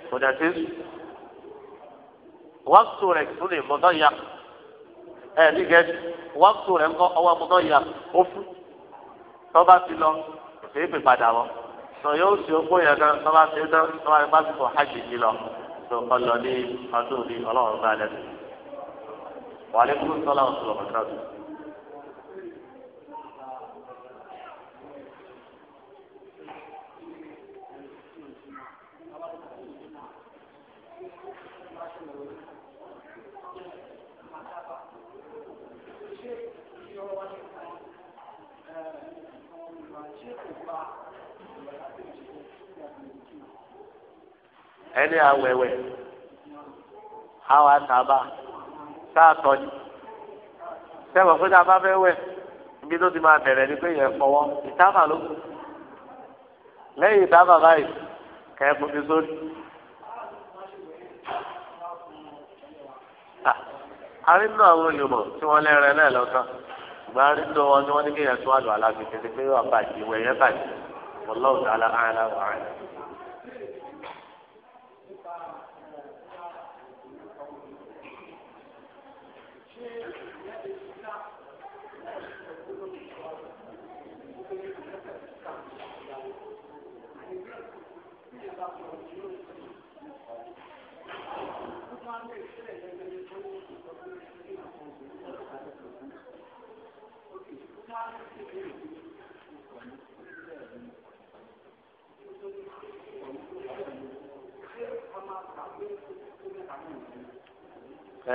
kò dẹ̀ ti wákùtù rẹ̀ tún lè mọ́tọ́ ya ẹ̀ ti gẹ́ wákùtù rẹ̀ ńkọ́ ọwọ́ mọ́tọ́ ya ó fún tọ́ba ti lọ kò sí ìpè padà wọ́n sọ yóò ṣe ogún yẹn kan tọ́ba ti tán tọ́ba ti pásítọ̀ hajj yìí lọ tó kọ́ ọdún ní ọlọ́run bá lẹ́nu wàlẹ́kùn sọ́lá ọ̀sùn lọ́mọ́tàdùn. ẹni awẹwẹ àwọn àtàbà sáàtọ̀ ni sẹ́wọ̀n pé tá a bá fẹ́ wẹ̀ ibi tó ti máa bẹ̀rẹ̀ ni pé yẹn fọwọ́ ìtàbà ló kù lẹ́yìn ìtàbà báyìí kẹ́ẹ̀kú ti sórí. arínú àwọn olùmọ̀ tí wọ́n lẹ́rẹ̀ náà lọ́tàn ṣùgbọ́n arínú wọn ni ní kéèyàn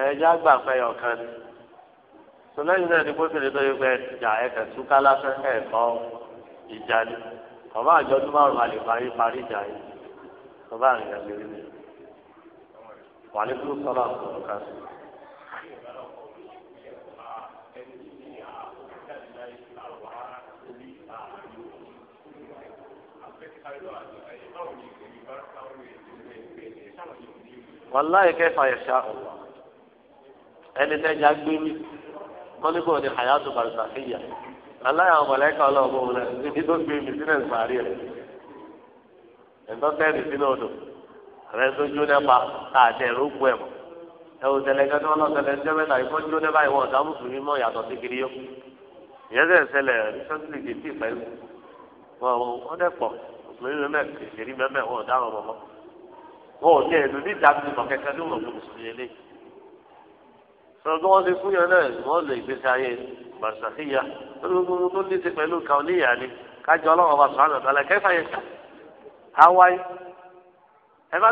ẹ̀ẹ́dá gbà pé ọ̀kan ni sọlẹ́yìn náà ni gbófinrin tó yẹ pé ìjà ẹ̀kẹ́ túká lásán ẹ̀kọ́ ìjà ni ọba àjọdún márùn-ún àlè parí parí ìjà yìí ọba àrìnrìn àgbèrè ni wàlẹ́kùn sọ́lá ọ̀kan sí i wàláyé kẹfà ẹ̀ṣá ẹni tẹ́jà gbé mi wọ́n ní kò ní hayatu barzakhiya aláya ọmọlẹ́ka ọlọ́ọ̀bọ rẹ níbi tó gbé mi sílẹ̀ nsàárì rẹ ẹ̀ńtọ́ tẹ́rì sínú odò rẹ tó jó nípa káàtẹ́ ẹ̀rọ kú ẹ̀ mọ́ ẹwù tẹlẹ gẹdẹ wọn náà tẹlẹ ẹjọ mẹ́ta ìfọ dúró dẹ báyìí wọn ọdọ mùsùlùmí mọ yàtọ̀ sí kiri yó ìyẹn tẹ ṣẹlẹ̀ sọsìlì ti ti pẹ̀lú wọn wọn dẹ pọ mùsùlùmí mẹmẹ ìṣèlú mẹmẹ wọn ọdọ àwọn ọmọ wọn ò tiẹ̀ lù ní ìdàgbé mọ kẹkẹ ní wọn mùsùlùmí yẹn lé sọ bí wọn ti fún yẹn náà wọn lè gbèsè ayé gbàsàkíyà olùkókó tó ní ti pẹ̀lú kàwọn níyà ni kájọ ọlọ́wọ́ bá sọ àná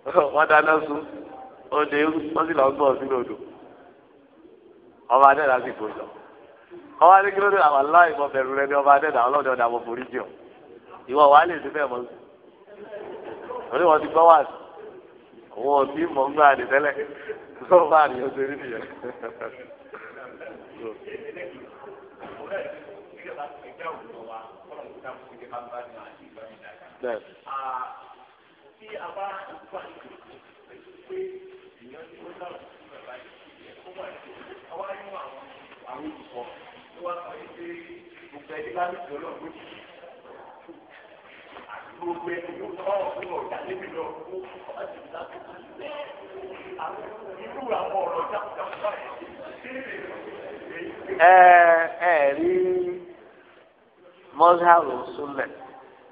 wọ́n dáná sun ọdẹ wọ́n sì lọ gbọ́ sínú odò ọba adẹ́dà sì kò jọ ọba adé kí ló dé àwọn aláì mọ bẹ̀rù rẹ ní ọba adẹ́dà ọlọ́dẹ ọ̀dà àwọn forí jẹun ìwọ wàá lè ṣe bẹ́ẹ̀ mọ́ orí wọn ti gbọ́ wà sí òun ò tí mọ̀ ń gbà tẹ́lẹ̀ tó bá rí rí nìyẹn. Bẹ́ẹ̀ni a bá wà ní ìlú pé èèyàn ti wọ́n dáhùn sí bàbá yìí kó wà ní àwa nínú àwọn àwọn olùkọ́ tó wà sọ pé gbogbo ẹni bá lùkọ́ lọ bó ti àti gbogbo ẹni tó lọ kó ọ̀hún ti dá tó tó lẹ́ àwọn ẹ ẹ rí mọ́sáàrù súnlẹ̀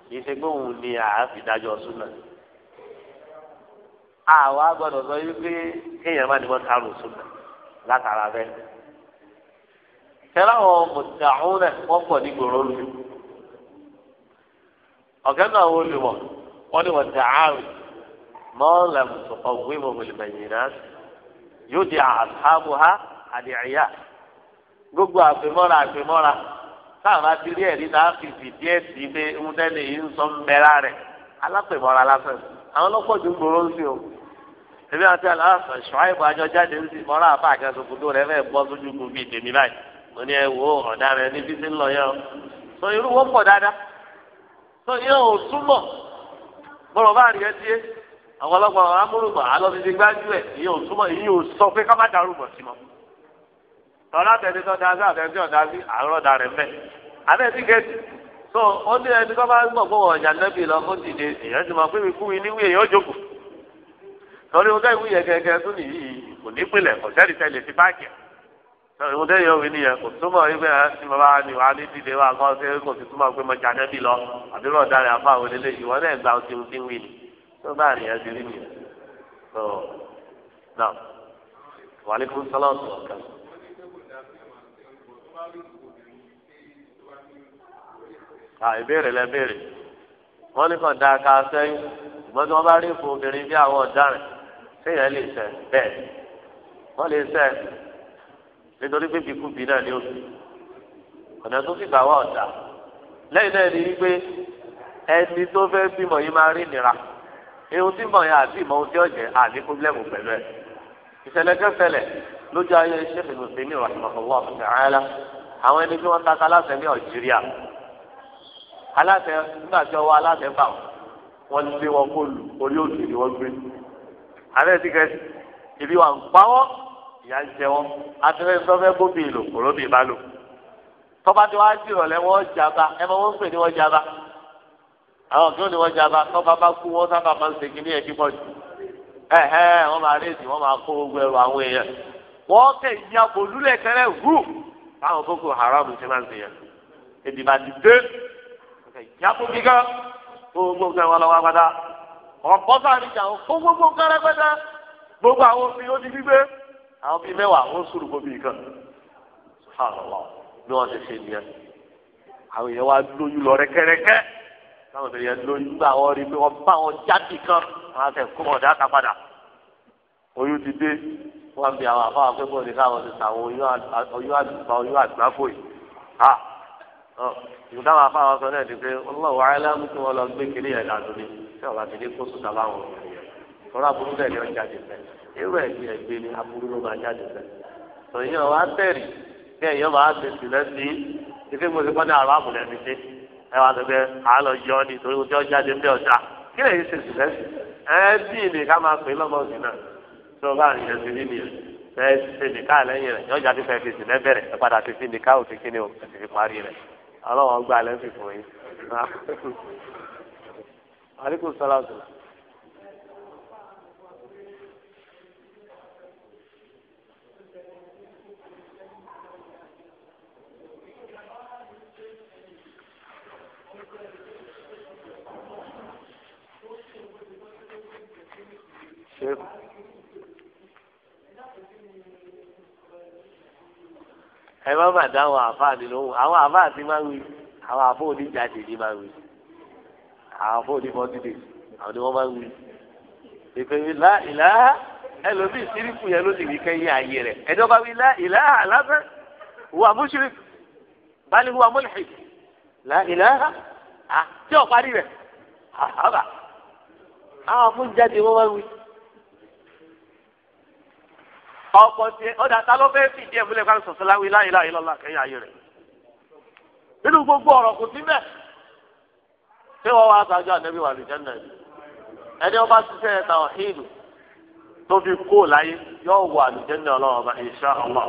kì í ṣe gbóhùn dájọ́ súnlẹ̀. àwa gbọ́dọ̀ sọ wípé kéèyàn má ní wọn kárò sódà látara bẹ́ẹ̀ tẹ́lá àwọn mùtàún náà wọ́n pọ̀ ní gbòòrò lù ọ̀gá náà náà yóò di ha gbogbo àfimọ́ra àfimọ́ra ẹ̀rí náà fi fìdí ẹ̀ sí ń yìí ń sọ ń bẹ́ra alápèmọ́ra lásán àwọn ọlọ́pọ̀ ju gbòòrò sí o. èmi àti aláàfẹ ṣùáìbù ah, àjọ jáde ń sì mọ́ra àfa àkẹ́sọ̀kùn tó rẹ̀ fẹ́ẹ́ bọ́ sójú kù bíi tèmi báyìí mo ní ẹ wo ọ̀dà rẹ níbi tí ń o sọ irú wọn pọ̀ dáadáa sọ yẹn ò súnmọ̀ bọ́lọ̀ bá rí ẹ tiẹ́ àwọn ọlọ́pàá amúrùgbà alọ́sídìí gbájú ẹ̀ ìyẹn ò súnmọ̀ ìyẹn pé ká má dàrú mọ̀ sí mọ́ tọ́lá tẹ̀lé da sí àtẹ̀tí ọ̀dà sí àárọ̀ da rẹ̀ mẹ́ àtẹ̀tí kẹ́tì so ó ní ẹni tó bá gbọ̀ fún ọ̀jà nẹ́bì lọ kó ti mọ̀ pé mi kú mi níwèé èèyàn torí ọdẹ ìwé yẹn gẹ́gẹ́ tó nìyí kò ní pínlẹ̀ kò sẹ́ni tẹ́lẹ̀ ti báàkì torí ọdẹ yẹn òwe nìyẹn kò túmọ̀ wípé ẹsì ah, bàbá ni wàá ní dìde wàá kọ́ ṣe kò sì túmọ̀ pé mo jà nẹ́bí lọ àbí lọ́ọ̀ darẹ̀ àbá àwọn ilé ìwọ náà gba ohun tí mo ti ń wí ni tó bá nìyẹn ti rí nìyẹn tó náà wàlíkún sọlọ́ọ̀tù ọ̀kan. ìbéèrè lẹ béèrè wọ́n ní kàn dáa ká sẹ́yìn ṣùgbọ́n tí wọ́n bá rí ipò obìnrin bí àwọn ọ̀daràn téèyàn lè sẹ bẹ́ẹ̀ wọn lè sẹ nítorí pé bíkúbi náà ni ó fi ọ̀nà tó fi gbà wá ọ̀dà lẹ́yìn náà ni wípé ẹni tó fẹ́ bímọ yìí máa rí nira ewu tí mọ̀ yẹn àti ìmọ̀ ohun tí ó jẹ́ àní pọ́blẹ́mù pẹ̀lú ẹ̀ ìṣẹ̀lẹ̀ kẹfẹ̀lẹ̀ lójú ayé sẹ́fì lùsẹ̀mí rahimahullah ta'ala àwọn ẹni tí wọ́n ta aláṣẹ ní algeria aláṣẹ nígbà tí ọwọ́ aláṣẹ bà wọ́n lé wọn kó lu orí òkè ni wọ́n gbé alẹ́ ti ebi ibi wà ń pawọ́ ìyá ń jẹ wọn atẹ́lẹ́ sọ́fẹ́ bóbi ìlò kòró mi bá lò jaba ẹ máa wọ́n pè jaba àwọn kí wọ́n ní jaba tọ́ba bá kú wọ́n sábà máa ń ní ẹ̀kí pọ̀ jù ẹ̀hẹ́ wọ́n máa rédì wọ́n máa kó gbogbo ẹrù àwọn èèyàn Haram ọ̀pọ̀ sàríjà ó fún gbogbo kẹrẹpẹtẹ gbogbo àwọn òfin ó di gbígbé àwọn bíi mẹ́wàá ó sùrù gbòmí kan subhanallah bí wọ́n ti ṣe nìyẹn àwọn èèyàn wá lóyún lọ rẹ́kẹ́rẹ́kẹ́ táwọn èèyàn lóyún gbà wọ́n rí pé wọ́n bá wọn jáde kan wọ́n á fẹ́ kó wọn dáta padà oyún ti dé wọ́n bí àwọn àfáwọn akẹ́kọ̀ọ́ ní káwọn ti sàwọn oyún àgbà oyún àgbáfò yìí ha ìgbà táwọn àfáwọn sọ náà ni pé ọlọ́wọ́ ayélujára mú kí lọ gbé kiri yẹn dàdú tí ọba ti dé kóso sábà wọn tọ́lá burú bẹ́ẹ̀ ni ó jáde fẹ́ irú ẹ̀gbẹ́ ẹ̀gbẹ́ ni aburú ló máa jáde fẹ́ tọ́ ìyẹn wàá tẹ̀rì bí ẹ̀yẹ́ wàá ti sì lẹ́sí ife mo ti kọ́ ní àrùn àbùlẹ̀ mi dé ẹ wàá tó bẹ́ẹ̀ àá lọ yọ ni torí ojú ọjà dé ń bẹ́ ọjà kí lè ṣe sì lẹ́sí ẹ bí ni ká máa pè lọ́mọ sí náà tí o bá ń yẹ sí nínú yẹn ẹ ṣe nìka lẹ́yìn rẹ̀ yọjà ti fẹ́ ni, sì lẹ́bẹ̀rẹ̀ ẹ padà ti fi nìka òfin kíni o ẹ ti fi parí rẹ̀ ọlọ́wọ́n gbà lẹ́sìn fún yín. aleykum salaam sọlá. ẹ má má dáhùn àfáà nínú àwọn àfáà ti máa ń wí àwọn ni máa ń wí. àwọn fún onímọ̀ dídè àwọn ni wọ́n máa ń wí. ìpè mi lá ìlà ẹlòmíì síríkù yẹn ló sì wí kẹ́yìn ààyè rẹ̀ ẹni ọba wí lá ìlà àlábẹ́ wà mùsùlùm bali wà mùlùmí lá ìlà àti ọ̀parí rẹ̀ àbà àwọn fún jáde wọ́n máa ń wí ọkọ tiẹ ọdà tá ló fẹ́ fìdí ẹ̀ múlẹ̀ fún sọ̀sọ́láwí láyé láyé lọ́la kẹ́yà ayé rẹ̀. nínú gbogbo ọ̀rọ̀ kò sí bẹ́ẹ̀ ṣé wọ́n wá sáájú ànábì wà lùjẹ́ náà ẹni wọ́n bá ṣiṣẹ́ ẹ̀ta ọ̀hìnù tó fi kó láyé yóò wà lùjẹ́ náà ọlọ́run ọba insha Allah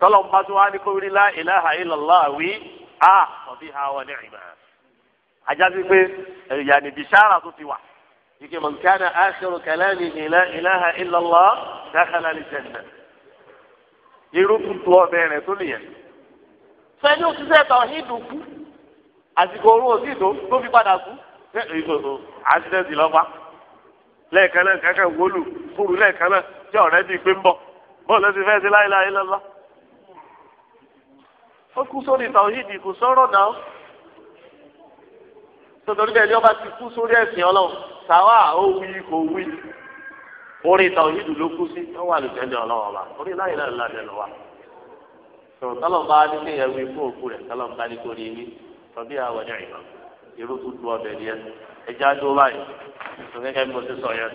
tọ́lọ̀ ń bá tó wá ní kórìí la ilaha illallah wí á ọ̀bí ha wọ ní ìgbà ajásí pé ẹ̀yà níbi tó ti wà ike man kana akhiru kalamihi la ilaha illallah dakhala al-jannah irú tuntun ọbẹ̀ rẹ̀ tó nìyẹn. fẹ́ẹ́ ní òṣìṣẹ́ tàwọn hídùn kú àsìkò orun òsì tó tó fi padà kú àṣìṣẹ́sì lọ́pàá lẹ́ẹ̀kan náà kankan wọlù fúru lẹ́ẹ̀kan náà tí ọ̀rẹ́ bíi pé ń bọ̀ bọ́ọ̀lù ti fẹ́ẹ́ ti láéláé lọ́lá. ó kú sórí tàwíìdì kò sọ̀rọ̀ náà tọ́tọ́rí bẹ́ẹ̀ ni ọba ti kú sórí ẹ̀sìn ọlọ́run sàwa ó wí kò wí orí tàwíìdì ló kú sí ó wà lùtẹ́ ní ọlọ́run ọba orí láéláé lọ́lá ni ọlọ́wà. sọ̀rọ̀ tọ́lọ̀ bá nílé yẹn wí fún òkú rẹ̀ sọ̀bí àwọn ẹ̀yà ìgbà irú tuntun ọbẹ̀ yẹn ẹja dúró báyìí tó gẹ́gẹ́ bí ti sọ yẹn.